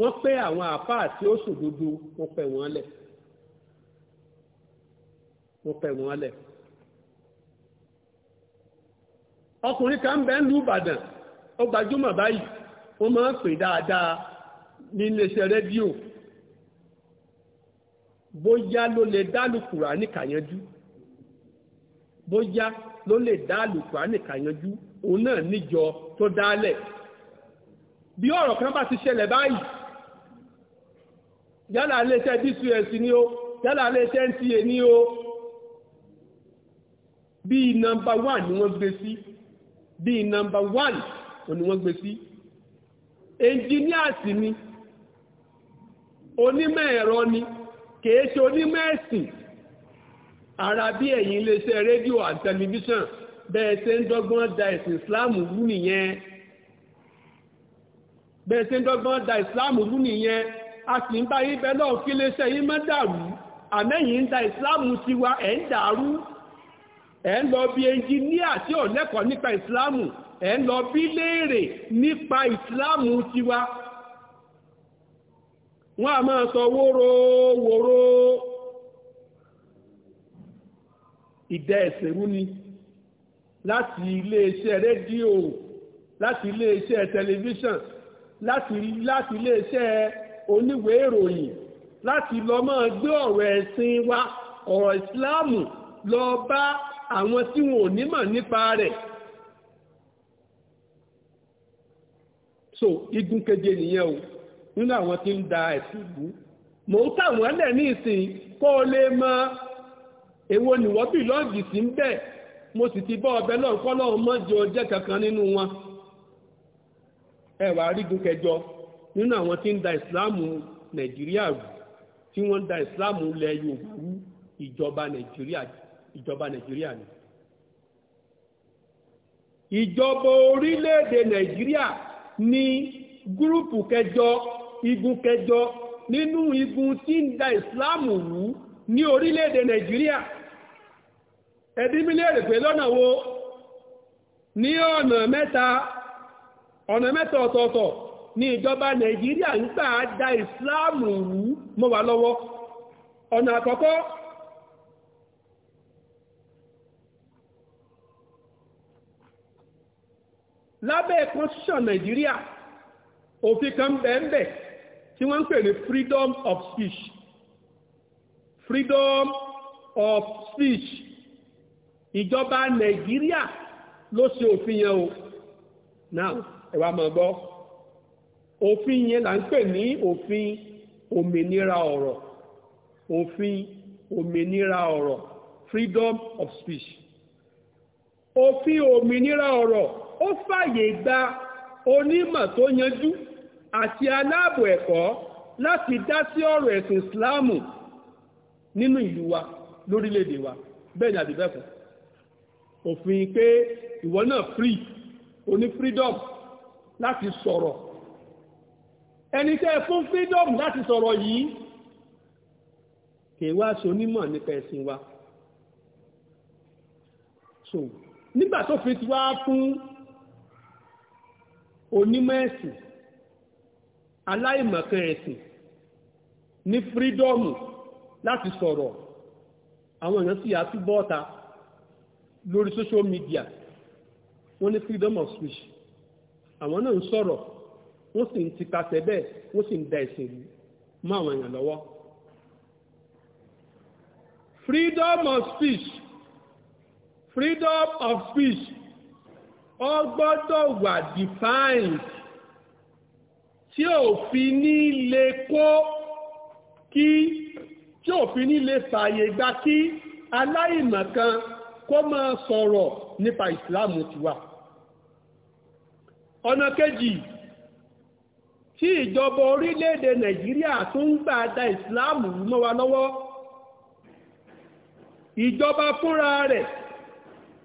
wọ́n pẹ́ àwọn àfáà tí ó ṣòdodo wọ́n pẹ́ wọ́n lẹ̀ wọ́n pẹ́ wọ́n lẹ̀ ọkùnrin kan bẹ́ẹ̀ ń lu ó gbajúmọ̀ báyìí wọ́n máa ń pè dáadáa ní iléeṣẹ́ rédíò bóyá ló lè dálùkùrà níkàyànjú bóyá ló lè dá àlùkùránì kà yanjú òun náà níjọ tó dálẹ̀ bí ọ̀rọ̀ kan bá ti ṣẹlẹ̀ báyìí yálà iléeṣẹ́ bcs ni o yálà iléeṣẹ́ nta ni o bí nọ́mbà wán ni wọ́n gbé sí bí nọ́mbà wán ni wọ́n gbé sí ẹnjíníàsì ni onímọ̀ ẹ̀rọ ni kèé ṣe onímọ̀ ẹ̀sìn ara bí ẹ̀yin iléeṣẹ́ rédíò àti tẹlifíṣàn bẹ́ẹ̀ ṣe ń dọ́gbọ́n da ẹ̀sìn islam rú nìyẹn bẹ́ẹ̀ ṣe da islam rú nìyẹn a sì ń bá yín bẹ́ẹ̀ lọ́ọ̀ kí iléeṣẹ́ yín má dàrú àmẹ́yìn ń da islam tiwa ẹ̀ ń dàrú ẹ̀ ń tí ò nípa islam ẹ̀ ń lọ bí léèrè nípa islam wọ́n a máa sọ wóró wóró ìdẹ ẹ̀sẹ̀ rú ni láti iléeṣẹ́ rédíò láti iléeṣẹ́ tẹlifíṣàn láti láti iléeṣẹ́ oníwèé ìròyìn láti lọ máa gbé ọ̀rọ̀ ẹ̀sìn wa ọ̀rọ̀ ìsìláàmù lọ bá àwọn tí wọn ò nímọ̀ nípa rẹ̀ so igun keje nìyẹn o nínú àwọn tí ń da ẹ̀sìn ìlú mò ń kà wọ́n lẹ̀ ní ìsìn kó o lè mọ èwo ni wọ́n bí lọ́ọ̀gì sí mo sì ti bọ́ ọbẹ̀ náà ọmọ mọ́jọ kankan nínú wọn ẹwà arígun kẹjọ nínú àwọn tí ń da ìsìláàmù nàìjíríà rú tí wọ́n ń da ìsìláàmù ìjọba nàìjíríà ni ìjọba kẹjọ igun kẹjọ nínú igun tí ń da ní orílẹ̀-èdè nàìjíríà ẹbí mílíọ̀nù pé lọ́nà wo ní ọ̀nà mẹ́ta ọ̀nà mẹ́ta ọ̀tọ̀ọ̀tọ̀ ní ìjọba nàìjíríà ń gbà da ìsìláàmù rú mọ́ wa lọ́wọ́ ọ̀nà àkọ́kọ́ lábẹ́ constitution nàìjíríà òfin kan tí wọ́n freedom of speech freedom of speech ìjọba nàìjíríà ló ṣe òfin yẹn o now ẹ wá máa gbọ́ òfin yẹn là ń pè ní òfin òmìnira ọ̀rọ̀ òfin òmìnira ọ̀rọ̀ freedom of speech òfin òmìnira ọ̀rọ̀ ó fàyè gba onímọ̀ tó yanjú àti aláàbò ẹ̀kọ́ láti dá sí ọ̀rọ̀ ẹ̀sìn ìsìláàmù nínú ìlú wa lórílẹ̀-èdè wa bẹ́ẹ̀ ni àdìbẹ́kù òfin pé ìwọ náà free oní freedom láti sọ̀rọ̀ ẹni tẹ́ fún freedom láti sọ̀rọ̀ yìí kì í wá ṣe onímọ̀ nípa ẹ̀sìn wa so nígbà tó fi ti wá fún onímọ̀ ẹ̀sìn aláìmọ̀kan ẹ̀sìn ní freedom láti sọ̀rọ̀ àwọn èèyàn sì àtúbọ̀ ọ̀ta lórí social media wọ́n ní freedom of speech àwọn náà ń sọ̀rọ̀ wọ́n sì ń tipasẹ̀ bẹ́ẹ̀ wọ́n sì ń da ẹ̀sìn rú mọ́ àwọn èèyàn lọ́wọ́ freedom of speech freedom of speech ó gbọ́dọ̀ wà defined tí ò fi ní lè kó kí tí òfin nílé fààyè gba kí aláìmọ̀kan kó máa sọ̀rọ̀ nípa ìsìláàmù wà ọ̀nà kejì tí ìjọba orílẹ̀-èdè nàìjíríà tó ń gbà da ìsìláàmù mọ́ wa lọ́wọ́ ìjọba fúnra rẹ̀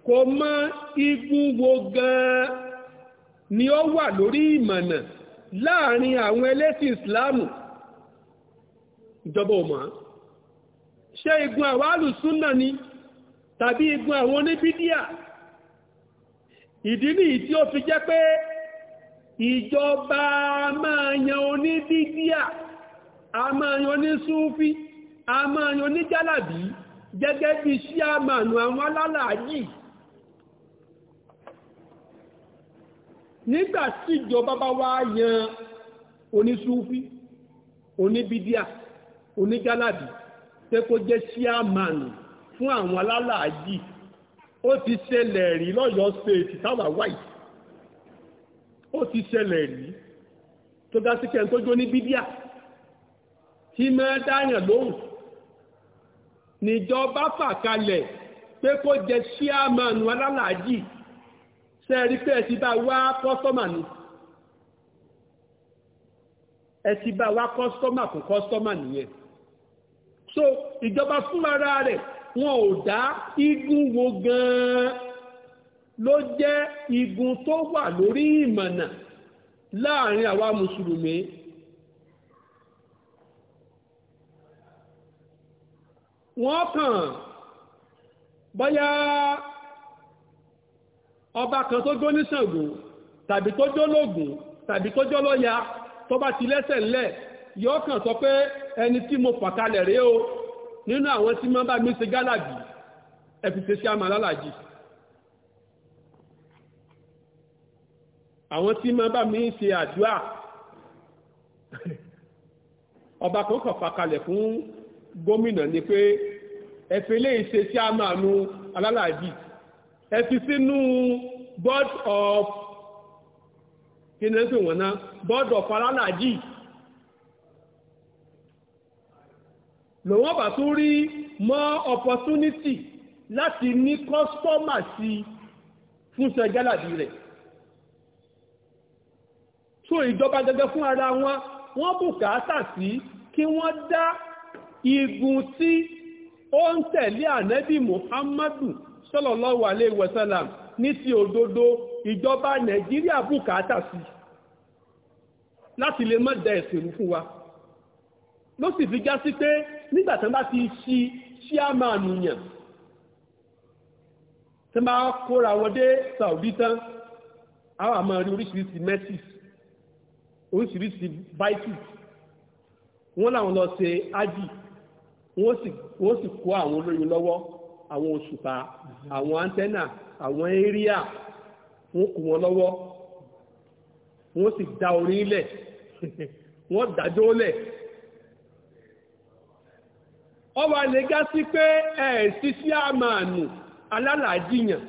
kò mọ igun wo gan-an ni ó wà lórí ìmọ̀nà láàrin àwọn ẹlẹ́sìn ìsìláàmù ìjọba ò mọ̀ ọ́ ṣé igun àwọn alùsúnnà ni tàbí igun àwọn oníbídíà ìdí nìyí tí ó fi jẹ́ pé ìjọba máa yan oníbídíà a máa yan onísúfí a máa yan oníjálàbí gẹ́gẹ́ bí sí àmànù àwọn alálàájì nígbà ìjọba bá wá yan onísúfí oníbídíà oníjálàbí pé kó jẹ́ chairman fún àwọn alálàájì ó ti ṣẹlẹ̀ rí lọ́yọ́ state táwa wáyé ó ti ṣẹlẹ̀ rí tó dá sí kẹ́ tó jó ní bídíà tí máa dáyàn lóhùn níjọba fà kalẹ̀ pé kó jẹ chairman alálàájì sẹ́ẹ̀rí pé ẹ bá wá kọ́sọ́mà ni ẹ bá wá kọ́sọ́mà fún kọ́sọ́mà nìyẹn so ìjọba fúnra rẹ̀ wọn ò dá igun wo gan-an ló jẹ́ igun tó wà lórí ìmọ̀nà láàrin àwa mùsùlùmí wọ́n kàn bóyá ọba kan tó jó ní Ṣàngó tàbí tó jó lógún tàbí tó jó lọ́ya tó bá ti lẹ́sẹ̀ ńlẹ̀ yóò kàn sọ pé ẹni tí mo pàkalẹ̀ rèé o nínú àwọn tí máa bá mi ṣe gálàjì ẹ̀fìsẹ̀ sí àmà lálàjì àwọn tí máa bá mi ṣe àdúrà ọba kan kàn pàkalẹ̀ fún gómìnà ni pé ẹ̀fẹ́ lè ṣe sí àmà nu alálàjì ẹ̀fì sínú board of kí ni ẹ pè wọ́n board of alálàjì. lòun bá tún rí more opportunity láti ní kọ́sítọ́mà sí fún sẹjálàbí rẹ̀ tó ìjọba gẹ́gẹ́ fún ara wọn wọ́n bùkátà sí kí wọ́n dá igun tí ó ń tẹ̀lé ànẹ́bì muhammadu sallallahu alaihi wasallam ní ti òdodo ìjọba nàìjíríà bùkátà sí láti lè mọ́ dẹ̀ ẹ̀sìn fún wa ló sì fi já sí pé nígbà tán bá ti ṣí ṣíàmánù yàn tán bá kóra wọn dé Saudi tán àwọn àmọ́ rí oríṣiríṣi mẹ́sìs oríṣiríṣi vitis wọ́n làwọn lọ ṣe ájì wọ́n sì kó àwọn olóyún lọ́wọ́ àwọn òṣùpá àwọn antenna àwọn eria wọ́n kó wọn lọ́wọ́ wọ́n sì dá orí lẹ̀ wọ́n dájọ́ lẹ̀ ọ wà lè gá sí pé ẹ̀ sí sí àmàánù alálàájìyàn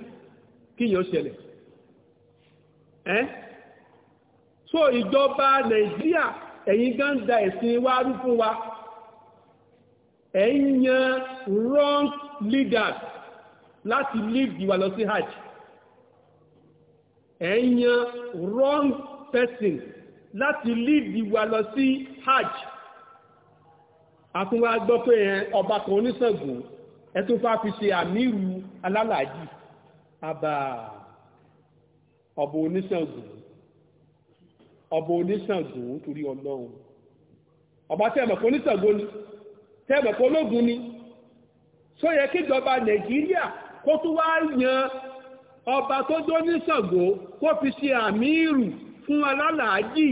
kíyàn ṣẹlẹ̀ ẹ́ so ìjọba nàìjíríà ẹ̀yin gánda ẹ̀sìn wa rú fún wa ẹ̀yin yan wrong leaders láti lead ìwà lọ sí hajj ẹ̀yin yan wrong person láti lead ìwà lọ sí hajj àtúnwá gbọ́ pé ọba kan oníṣègùn ẹtún fà fi ṣe àmírù alálàájì àbà ọba oníṣègùn ọba oníṣègùn torí ọlọ́run ọba tẹ́ẹ̀mọ̀kọ́ oníṣègùn ni tẹ́ẹ̀mọ̀kọ́ ológun ni só yẹ kíjọba nàìjíríà kó tún wá yan ọba tó dó oníṣègùn kó fi ṣe àmírù fún alálàájì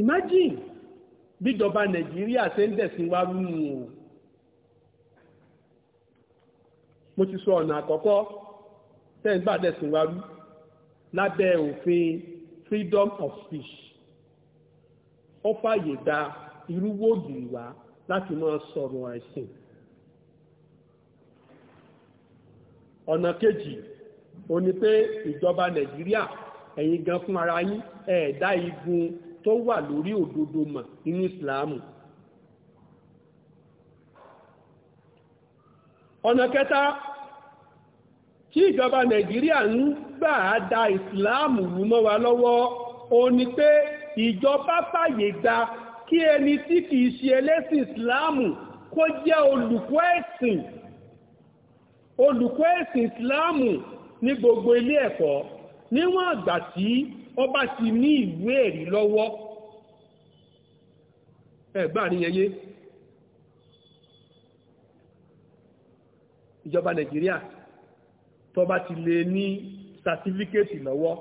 imagine bíjọba nàìjíríà ṣe ń dẹ̀sìn wá rúnú o mo ti sọ ọ̀nà àkọ́kọ́ tẹ́ǹgbà dẹ̀sìn wá rú lábẹ́ òfin freedom of speech ó fàyè gba irúwòdì ìwà láti máa sọ̀rọ̀ ẹ̀sìn ọ̀nà kejì ó ní pé ìjọba nàìjíríà ẹ̀yin gan fún ara yín ẹ̀ẹ̀dá igun tó wà lórí òdodo mọ̀ nínú ìsìláàmù ọ̀nà kẹta tí ìjọba nàìjíríà ń gbà á da ìsìláàmù rú mọ́ wa lọ́wọ́ ó ní pé ìjọba fàyè gba kí ẹni tí kìí ṣe ẹlẹ́sìn ìsìláàmù kó jẹ́ olùkọ́ ẹ̀sìn olùkọ́ ẹ̀sìn ìsìláàmù ní gbogbo ilé ẹ̀kọ́ níwọ̀n àgbà tí ó bá ti ní ìwé ẹ̀rí lọ́wọ́ ẹ̀gbà níyẹyẹ ìjọba nàìjíríà tó bá ti lè ní sàtífíkẹ́tì lọ́wọ́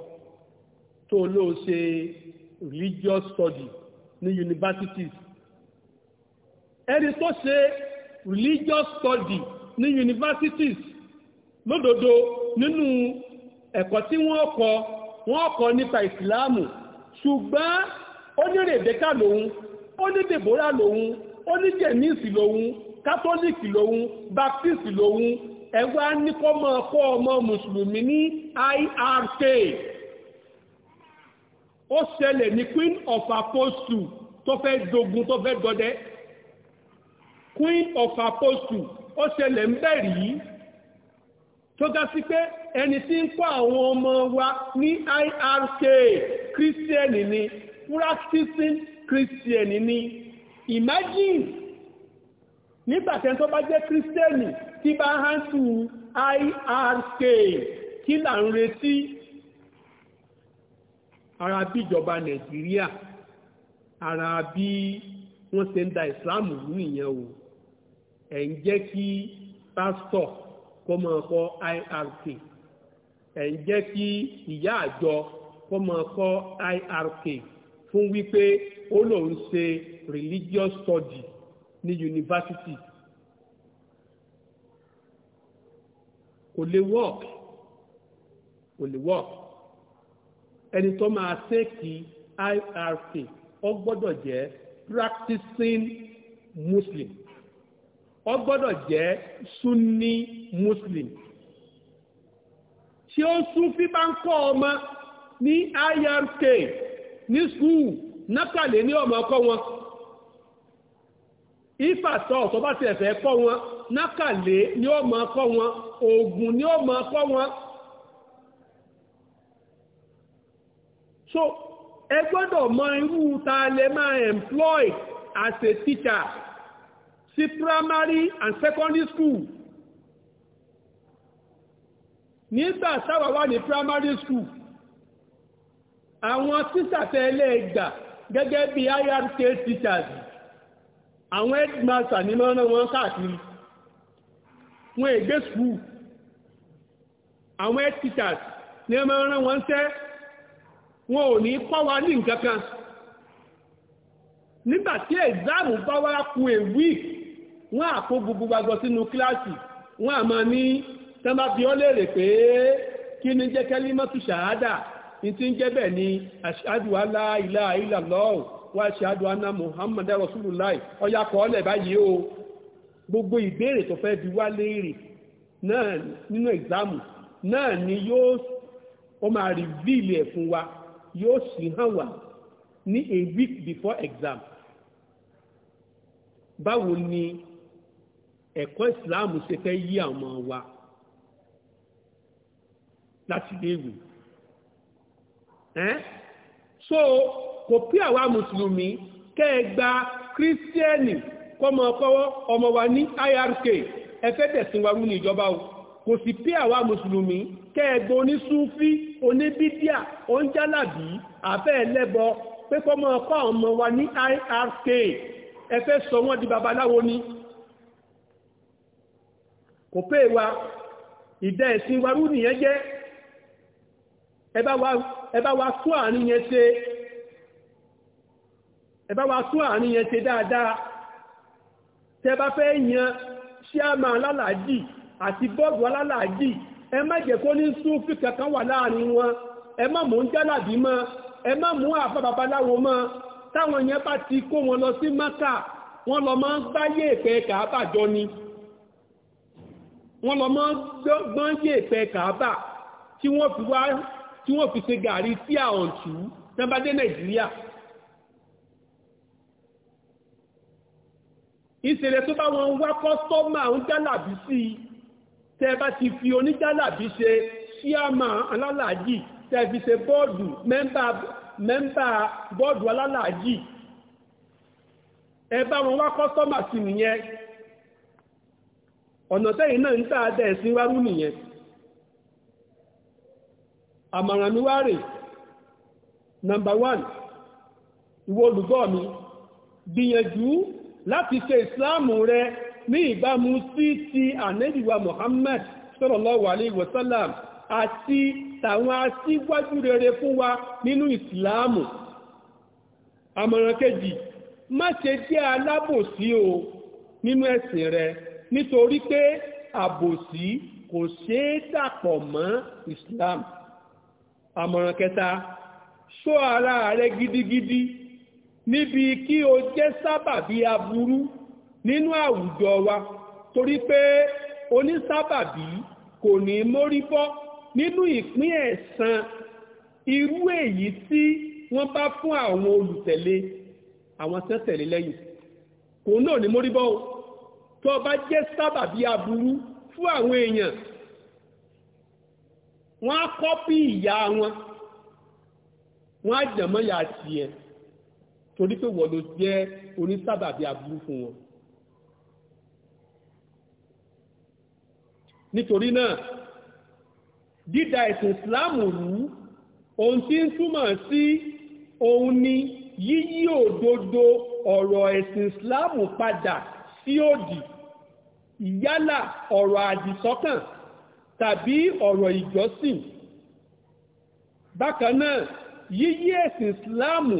tó ló ṣe religious study ní universities ẹni tó ṣe religious study ní universities lódodo nínú ẹ̀kọ́ tí wọ́n kọ́ wọ́n kọ́ nípa ìsìláàmù ṣùgbọ́n ó ní rèbékà lòun ó ní dèbórà lòun ó ní jẹ̀níìsì lòun kátólíìkì lòun baptist lòun ẹ̀wá ní kọ́ mọ́ ọkọ́ ọmọ mùsùlùmí ní IRK ó ṣẹlẹ̀ ní queen of apostle tó fẹ́ dogun tó fẹ́ dọdẹ queen of apostle ó ṣẹlẹ̀ ń bẹ̀rì yìí tó ga sí pé ẹni tí ń kọ́ àwọn ọmọ wa ní IRK Christian ni practicing christian ni imagine nígbàtẹ́ tó bá jẹ́ kírísítẹ́nì tí bá hàn tù IRK kí là ń retí ara bí ìjọba Nàìjíríà ara bí wọ́n ṣe ń da ìsìláàmù rú nìyẹn o ẹ̀ ń jẹ́ kí pásítọ̀ kọ́ mọ́ IRK ẹ̀ ń jẹ́ kí ìyá àjọ kó máa kọ́ IRK fún wípé ó lòun ṣe religious study ní yunifásitì kò lè work kò lè work ẹni tó máa ṣèkì IRK ó gbọ́dọ̀ jẹ́ practicing Muslim ó gbọ́dọ̀ jẹ́ Sunni Muslim tí ó sún fí bá ń kọ́ ọmọ ní irk ní skúù nápàlẹ̀ ní ọmọ ọkọ́ wọn ìfàtọ̀ ọ̀tọ́ bá ti ẹ̀fẹ́ kọ́ wọn nákàlẹ̀ ní ọmọ ọkọ́ wọn oògùn ní ọmọ ọkọ́ wọn so ẹ gbọ́dọ̀ mọ irú ta lẹ máa employ as a teacher sí primary and secondary school nígbà táwa wà ní primary school àwọn tíṣàfẹ́ ẹlẹ́gbà gẹ́gẹ́ bí irk teachers àwọn headmaster ní mọ́nà wọn káàkiri wọn ègbé school àwọn head teachers ní mọ́nà wọn tẹ́ wọn ò ní kọ́ wa ní nǹkan kan nígbàtí ẹ̀záàmù bá wá kú èwì wọ́n àkó gbogbo gbogbo sínú kíláàsì wọ́n àmọ́ ní tán bá bi ọ́ léèrè pé kí ni jẹ́ kẹ́límọ́tù ṣàhádà ní ti ń jẹ́ bẹ́ẹ̀ ni ashadu alla ilaha illallah wa ashadu anna muhammadu rasulullah ọ̀yà kọ́ọ́lẹ̀ báyìí o gbogbo ìbéèrè tó fẹ́ bi wá léèrè náà nínú ìgbàmù náà ni yóò ó máa rìvíìlì ẹ̀ fún wa yóò sì hàn wá ní a week before exam báwo ni ẹ̀kọ́ ìsìláàmù ṣe fẹ́ yí àwọn wa láti léèwé ẹ́n so kò pé àwa mùsùlùmí kẹ́ ẹ gba kírísítẹ́nì kọ́mọ kọ́wọ́ ọmọ wa ní irk ẹfẹ́ tẹ̀sìn wa rú ní ìjọba o kò sì pé àwa mùsùlùmí kẹ́ ẹ gba onísúfí oníbídíà oúnjálàbí àfẹ́ ẹlẹ́bọ pé kọ́mọ ọmọ wa ní irk ẹfẹ́ sọ wọ́n di babaláwo ni kò pé wa ìdẹ́ ẹ̀sìn wa nìyẹn jẹ́ ẹ bá wa tún àárín yẹn ṣe ẹ bá wa tún àárín yẹn ṣe dáadáa tẹ bá fẹ́ yan ṣíàmà alálàájì àti bọ́ọ̀bù alálàájì ẹ má jẹ́ kó ní súnfì kankan wà láàrin wọn ẹ má mú jálàbí mọ́ ẹ má mú àbábabaláwo mọ́ táwọn yẹn bá ti kó wọn lọ sí Mákà wọ́n lọ máa gbáyé ìpẹ́ kàábà jọ ni wọ́n lọ máa ń yé ìpẹ́ kàábà tí wọ́n fi wá tí wọ́n fi ṣe gàrí tí àwọn tù ú nígbà dé nàìjíríà ìṣẹ̀lẹ̀ tó bá wọn wá kọ́sọ́mà ń jálàbí sí i tẹ́ bá ti fi oníjálàbí ṣe ṣíàmà alálàájì tẹ́ fi ṣe bọ́ọ̀dù mẹ́mbà bọ́ọ̀dù alálàájì ẹ bá wọn wá kọ́sọ́mà sí nìyẹn ọ̀nà tẹ́yìn náà ń tàádẹ́ sí wárú nìyẹn àmọ̀ràn mi wá rè nọmba one ìwọ olùgbọ́ mi gbìyànjú láti ṣe ìsìláàmù rẹ ní ìbámu sí ti ànẹ́bìwà Muhammad sallallahu alaihi wasallam àti tàwọn aṣíwájú rere fún wa nínú ìsìláàmù àmọ̀ràn kejì má ṣe jẹ́ alábòsí o nínú ẹ̀sìn rẹ nítorí pé àbòsí kò ṣeé dàpọ̀ mọ́ ìsìláàmù àmọ̀ràn kẹta ṣọ́ ara rẹ gidigidi níbi kí o jẹ́ sábàbí aburú nínú àwùjọ wa torí pé onísábàbí kò ní mórí bọ́ nínú ìpín ẹ̀san irú èyí tí wọ́n bá fún àwọn olùtẹ̀lé àwọn tẹ́tẹ̀lé lẹ́yìn kò náà ní mórí bọ́ tó bá jẹ́ sábàbí aburú fún àwọn èèyàn wọ́n á kọ́pì ìyá wọn wọ́n á jẹ̀mọ́ ìyá tiẹ̀ torí pé wọ́n ló jẹ́ onísábàbí aburú fún wọn. nítorí náà dídá ẹ̀sìn ìsìláàmù rú ohun tí ń túmọ̀ sí òun ni yíyí òdodo ọ̀rọ̀ ẹ̀sìn ìsìláàmù padà sí òdì ìyálà ọ̀rọ̀ àdìsọ́kàn tàbí ọ̀rọ̀ ìjọsìn bákan náà yíyí ẹ̀sìn ìsìláàmù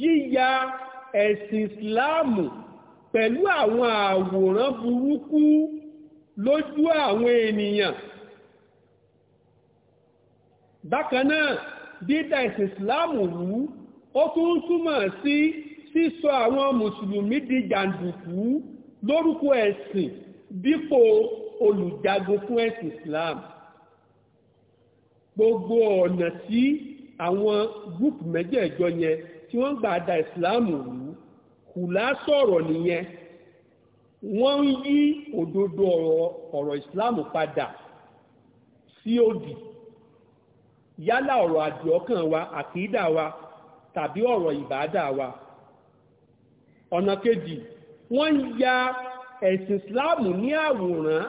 yíya ẹ̀sìn ìsìláàmù pẹ̀lú àwọn àwòrán burúkú lójú àwọn ènìyàn bákan náà dídá ẹ̀sìn ìsìláàmù rú ó tún túmọ̀ sí sísọ àwọn mùsùlùmí di jàǹdùkú lórúkọ ẹ̀sìn dípò olùjagun fún ẹ̀sìn Islam gbogbo ọ̀nà tí àwọn gúúpù mẹ́jẹ̀ẹ̀jọ yẹn tí wọ́n gbà da Islam rú kùlá sọ̀rọ̀ nìyẹn wọ́n ń yí òdodo ọ̀rọ̀ Islam padà sí òdì yálà ọ̀rọ̀ àdìọ́kàn wa àkídà wa tàbí ọ̀rọ̀ ìbádà wa ọ̀nà kejì wọ́n ya ẹ̀sìn Islam ní àwòrán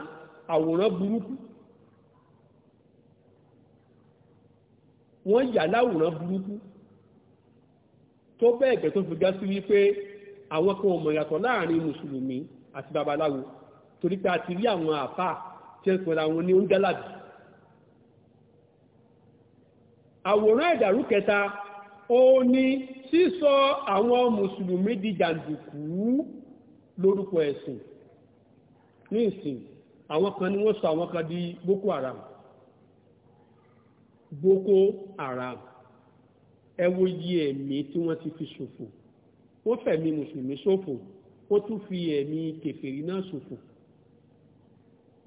àwòrán burúkú wọ́n yà láwòrán burúkú tó bẹ́ẹ̀ gẹ́ tó fi gá sí wípé àwọn kan ọmọ ìyàtọ̀ láàrin mùsùlùmí àti babaláwo torí pé a ti rí àwọn àfà tí ẹ pẹ̀lú àwọn ní oúnjẹ́làbì àwòrán ẹ̀dàrú kẹta ó ní sísọ àwọn mùsùlùmí di jàǹdùkú lórúkọ ẹ̀sìn ní ìsìn àwọn kan ni wọ́n sọ àwọn kan di Boko Haram Boko Haram ẹ wo iye ẹ̀mí tí wọ́n ti fi ṣòfò wọ́n fẹ̀mí mùsùlùmí ṣòfò wọ́n tún fi ẹ̀mí kèfèrí náà ṣòfò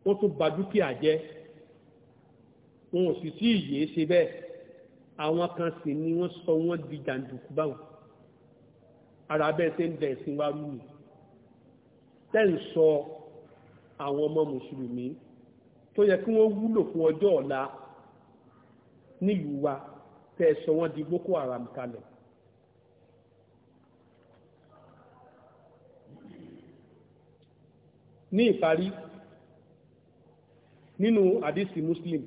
wọ́n tún ba dúkìá jẹ́ wọn ò sì sí ìyè ṣe bẹ́ẹ̀ àwọn kan sì ni wọ́n sọ wọ́n di jàǹdùkú báwọn ara bẹ́ẹ̀ ṣe ń dẹ̀ sí wárú mi tẹ́ ń sọ. So, àwọn ọmọ mùsùlùmí tó yẹ kí wọ́n wúlò fún ọjọ́ ọ̀la nílùú wa tẹ́ sọ wọ́n di boko haram kalẹ̀ ní ìparí nínú àdísì muslim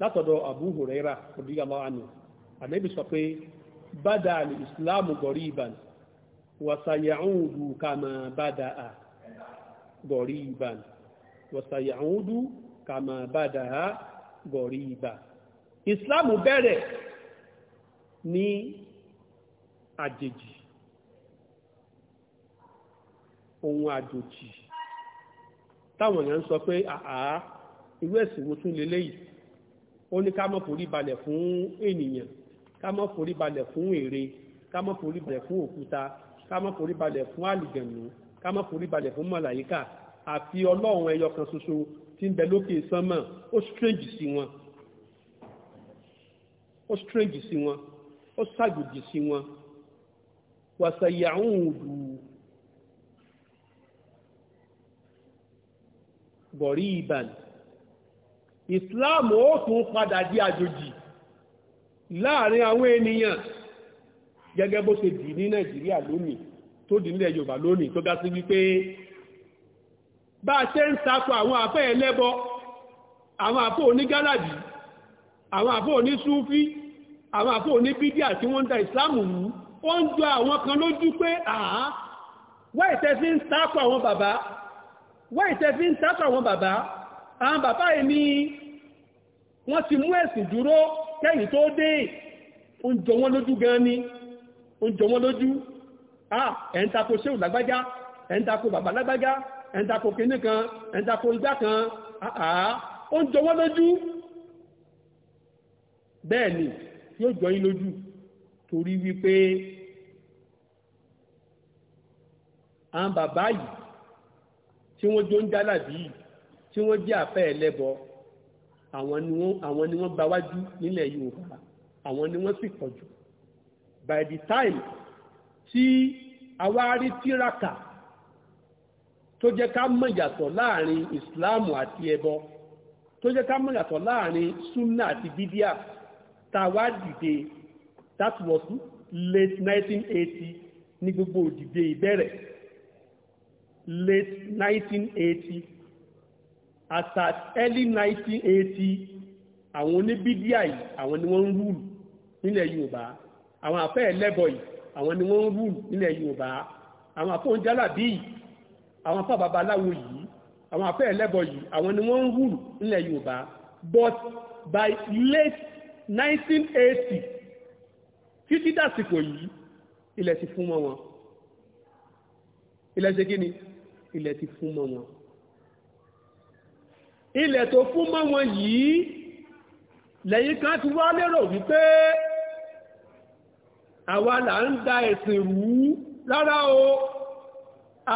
látọ̀dọ̀ abu huraira radiyallahu anhu ànábì sọ pé bada al-islamu goriban wa sayaudu kama bada'a gọ̀ríban wọ̀sàyàwúdú kàmà bàdàá gọ̀ríba islam bẹ̀rẹ̀ ní àjèjì ohun àjòjì táwọn èèyàn ń sọ pé àá irú ẹ̀sìn wo tún leléyìí ó ní ká má forí balẹ̀ fún ènìyàn ká má forí balẹ̀ fún ère ká forí balẹ̀ fún òkúta ká forí balẹ̀ fún àlìgànnú ká má forí balẹ̀ fún màláyíkà àfi ọlọ́run ẹyọ kan ṣoṣo tí ń bẹ lókè sánmọ̀ ó strange sí wọn ó strange sí wọn ó ṣàjòjì sí wọn wàṣàyàwùn òdù bọ̀rí ìbànú ìsìláàmù ó tún padà di àjòjì láàrin àwọn ènìyàn gẹ́gẹ́ bó ṣe dì ní nàìjíríà lónìí tó dì nílẹ̀ Yorùbá lónìí tó ga sí wípé bá a ṣe ń sakọ àwọn àfẹ́ ẹlẹ́bọ àwọn àfẹ́ onígálàdì àwọn àfẹ́ onísúfí àwọn àfẹ́ oníbídíà tí wọ́n ń da ìsìláàmù rú ó ń jọ àwọn kan lójú pé àá wáyé tẹ́ fi ń sakọ àwọn bàbá wáyé tẹ́ fi ń sakọ àwọn bàbá àwọn bàbá yìí ni wọ́n ti mú ẹ̀sìn dúró kẹ́yìn tó dé ó ń jọ wọ́n lójú gan ni ó ń jọ wọ́n lójú ah ẹ̀ńtako ṣéwù lágbájá ẹ̀ńtako bàbá lágbájá ẹ̀ńtako kìíní kan ẹ̀ńtako igbá kan àá ó ń jọ wọ́n lójú bẹ́ẹ̀ ni yóò jọ yín lójú torí wípé àwọn bàbá yìí tí wọ́n jó ń jálàbí yìí tí wọ́n jẹ́ àfẹ́ ẹlẹ́bọ àwọn ni wọ́n gbawájú nílẹ̀ Yorùbá àwọn ni wọ́n sì pọ̀jù by the time tí àwa rí tíraka tó jẹ́ ká mọ̀ yàtọ̀ láàrin ìsìláàmù àti ẹbọ tó jẹ́ ká mọ̀ yàtọ̀ láàrin súnà àti bídíà tàwa dìde that was late 1980 ní gbogbo òdìdè ìbẹ̀rẹ̀ late 1980 at at early 1980 àwọn oníbídíà yìí àwọn ni wọ́n ń rúùlù nílẹ̀ Yorùbá àwọn àfẹ́ ẹlẹ́bọ̀ yìí àwọn ni wọ́n ń rú nílẹ̀ Yorùbá àwọn àfọ́ jálàbí yìí àwọn àfọ́ babaláwo yìí àwọn àfọ́ ẹlẹ́bọ yìí àwọn ni wọ́n ń rú nílẹ̀ Yorùbá but by late 1980 títí dàsìkò yìí ilẹ̀ ti fún mọ́ wọn ilẹ̀ ṣe kí ni ilẹ̀ ti fún mọ́ wọn ilẹ̀ tó fún mọ́ wọn yìí lẹ́yìn kan ti wá lérò wípé àwa là ń da ẹ̀sìn rú rárá o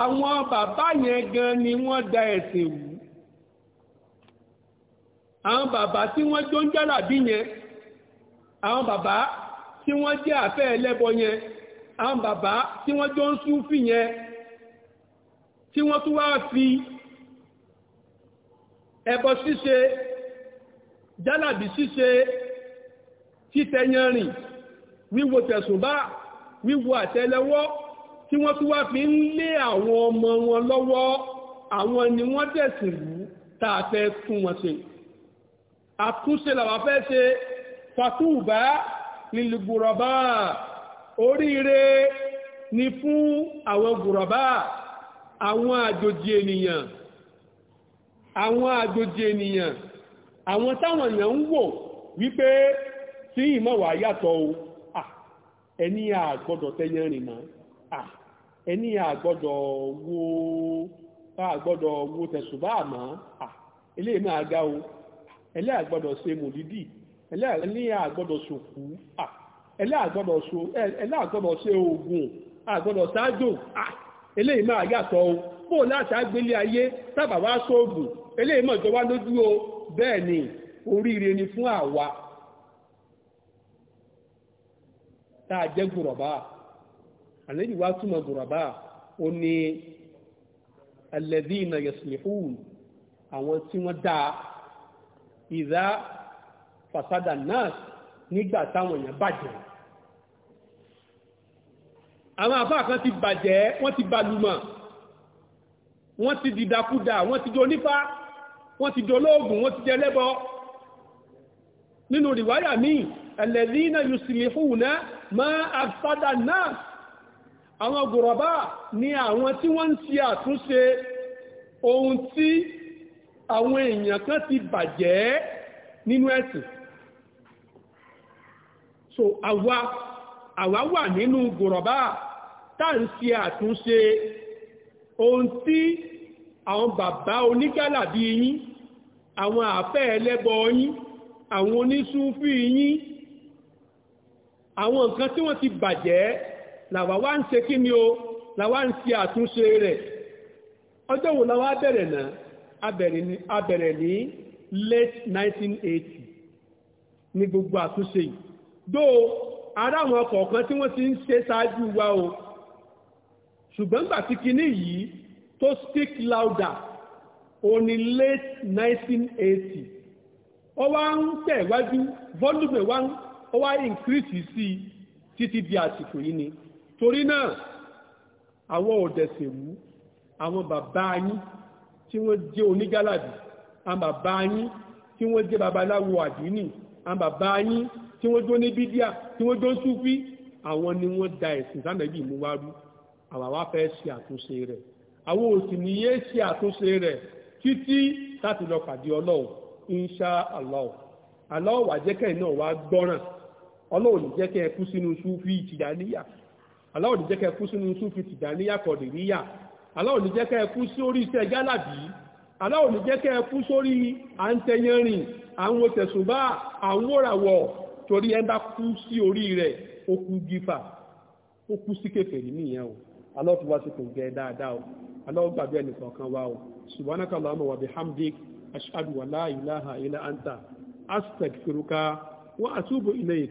àwọn bàbá yẹn gan ni wọ́n da ẹ̀sìn rú àwọn bàbá tí wọ́n jó ń jálàbí yẹn àwọn bàbá tí wọ́n jẹ́ àfẹ́ ẹlẹ́bọ yẹn àwọn bàbá tí wọ́n jọ ń súnfì yẹn tí wọ́n tún wá fi ẹbọ ṣíṣe jálàbí ṣíṣe títẹ̀yẹrìn wíwo tẹ̀sùnbá wíwo àtẹ́lẹwọ́ tí wọ́n tún wá fi ń lé àwọn ọmọ wọn lọ́wọ́ àwọn ni wọ́n tẹ̀sìn lù tá a fẹ́ fún wọn ṣe àtúnṣe làwọn fẹ́ ṣe fatúùbá lílu gbùrọ̀bá oríire ni fún àwọn gbùrọ̀bá àwọn àjòjì ènìyàn àwọn àjòjì ènìyàn àwọn táwọn èèyàn ń wò wípé tí ìmọ̀ yàtọ̀ o ẹni àgbọ́dọ̀ tẹ́yàn rìn mọ́ ẹni àgbọ́dọ̀ wo àgbọ́dọ̀ wo tẹ̀sùbá àmọ́ ilé máa ga o ẹlẹ́ àgbọ́dọ̀ ṣe mòlídì ẹlẹ́ àgbọ́dọ̀ ṣòkú ẹlẹ́ àgbọ́dọ̀ ṣe oògùn àgbọ́dọ̀ ṣáájò ilé máa yàtọ̀ o bó láti agbélé ayé tábàbá ṣóògùn ilé ìmọ̀ ìjọba lójú o bẹ́ẹ̀ ni oríire ni fún àwa tá a jẹ́ gùrọ̀bá àlejò wá túmọ̀ gùrọ̀bá ó ní alladhina yaslihun àwọn tí wọ́n dáa ìdá fasada nas nígbà táwọn èèyàn bàjẹ́ àwọn àfáà kan ti bàjẹ́ wọ́n ti balùmọ̀ wọ́n ti dìdàkudà wọ́n ti di onífá wọ́n ti dolóògùn wọ́n ti jẹlẹ́bọ nínú rìwáyà míì alladhina yuslihuna ma àfádà náà àwọn gùrọ̀bá ni àwọn tí wọ́n ń ṣe àtúnṣe ohun tí àwọn èèyàn kan ti bàjẹ́ nínú ẹ̀sìn so àwa àwa wà nínú gùrọ̀bá tá ń ṣe àtúnṣe ohun tí àwọn bàbá onígálà bí yín àwọn àfẹ́ ẹlẹ́bọ yín àwọn onísúfí yín àwọn nǹkan tí wọ́n ti bàjẹ́ làwa wá ń ṣe kí ni o làwa ń ṣe àtúnṣe rẹ̀ ọjọ́ wo làwa bẹ̀rẹ̀ náà a ní late 1980 ní gbogbo àtúnṣe yìí dó ara àwọn ọkọ̀ kan tí wọ́n ti ń ṣe ṣáájú wa o ṣùgbọ́n gbà tí kinní yìí tó speak louder o ní late 1980 ó wá ń tẹ̀wájú volume 1 ó wá ìǹkírìsì sí i títí di àsìkò yìí ni torí náà àwọn òdẹ̀sẹ̀wú àwọn bàbá yín tí wọ́n jẹ́ onígálàdì àwọn bàbá yín tí wọ́n jẹ́ babaláwo àdínì àwọn bàbá yín tí wọ́n jó ní bídíà tí wọ́n jó ń súfí àwọn ni wọ́n da ẹ̀sìn sánàbí mú wá fẹ́ ṣe àtúnṣe rẹ̀ àwọn òsì ní yé ṣe àtúnṣe rẹ̀ títí láti lọ pàdé ọlọ́run insha allah allah wàjẹ́kẹ́ náà wá gbọ́ràn ọlọ́run ní jẹ́ kẹ́ ẹ kú sínú súfì tìjàníyà ọlọ́run ní jẹ́ kẹ́ ẹ kú sínú súfì tìjàníyà kọ̀dìríyà ọlọ́run ní jẹ́ kẹ́ ẹ kú sórí iṣẹ́ jálàbí ọlọ́run ní jẹ́ kẹ́ ẹ kú sórí à ń tẹyẹrin àwọn tẹ̀sùnbá àwọn òràwọ̀ torí ẹ bá kú sí orí rẹ̀ ó kú gífà ó kú sí kèfèrí nìyẹn o subhanaka allahumma wa bihamdik ashhadu wa illa anta astaghfiruka wa atubu ilayk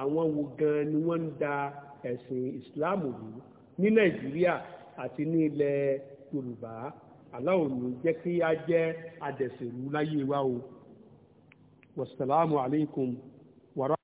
àwọn wo gan ni wọ́n ń da ẹ̀sìn Islam rú ní Nàìjíríà àti ní ilẹ̀ Yorùbá aláwo jẹ́ kí á jẹ́ adẹ̀sẹ̀rú láyé wa o wasalaamu alaikum.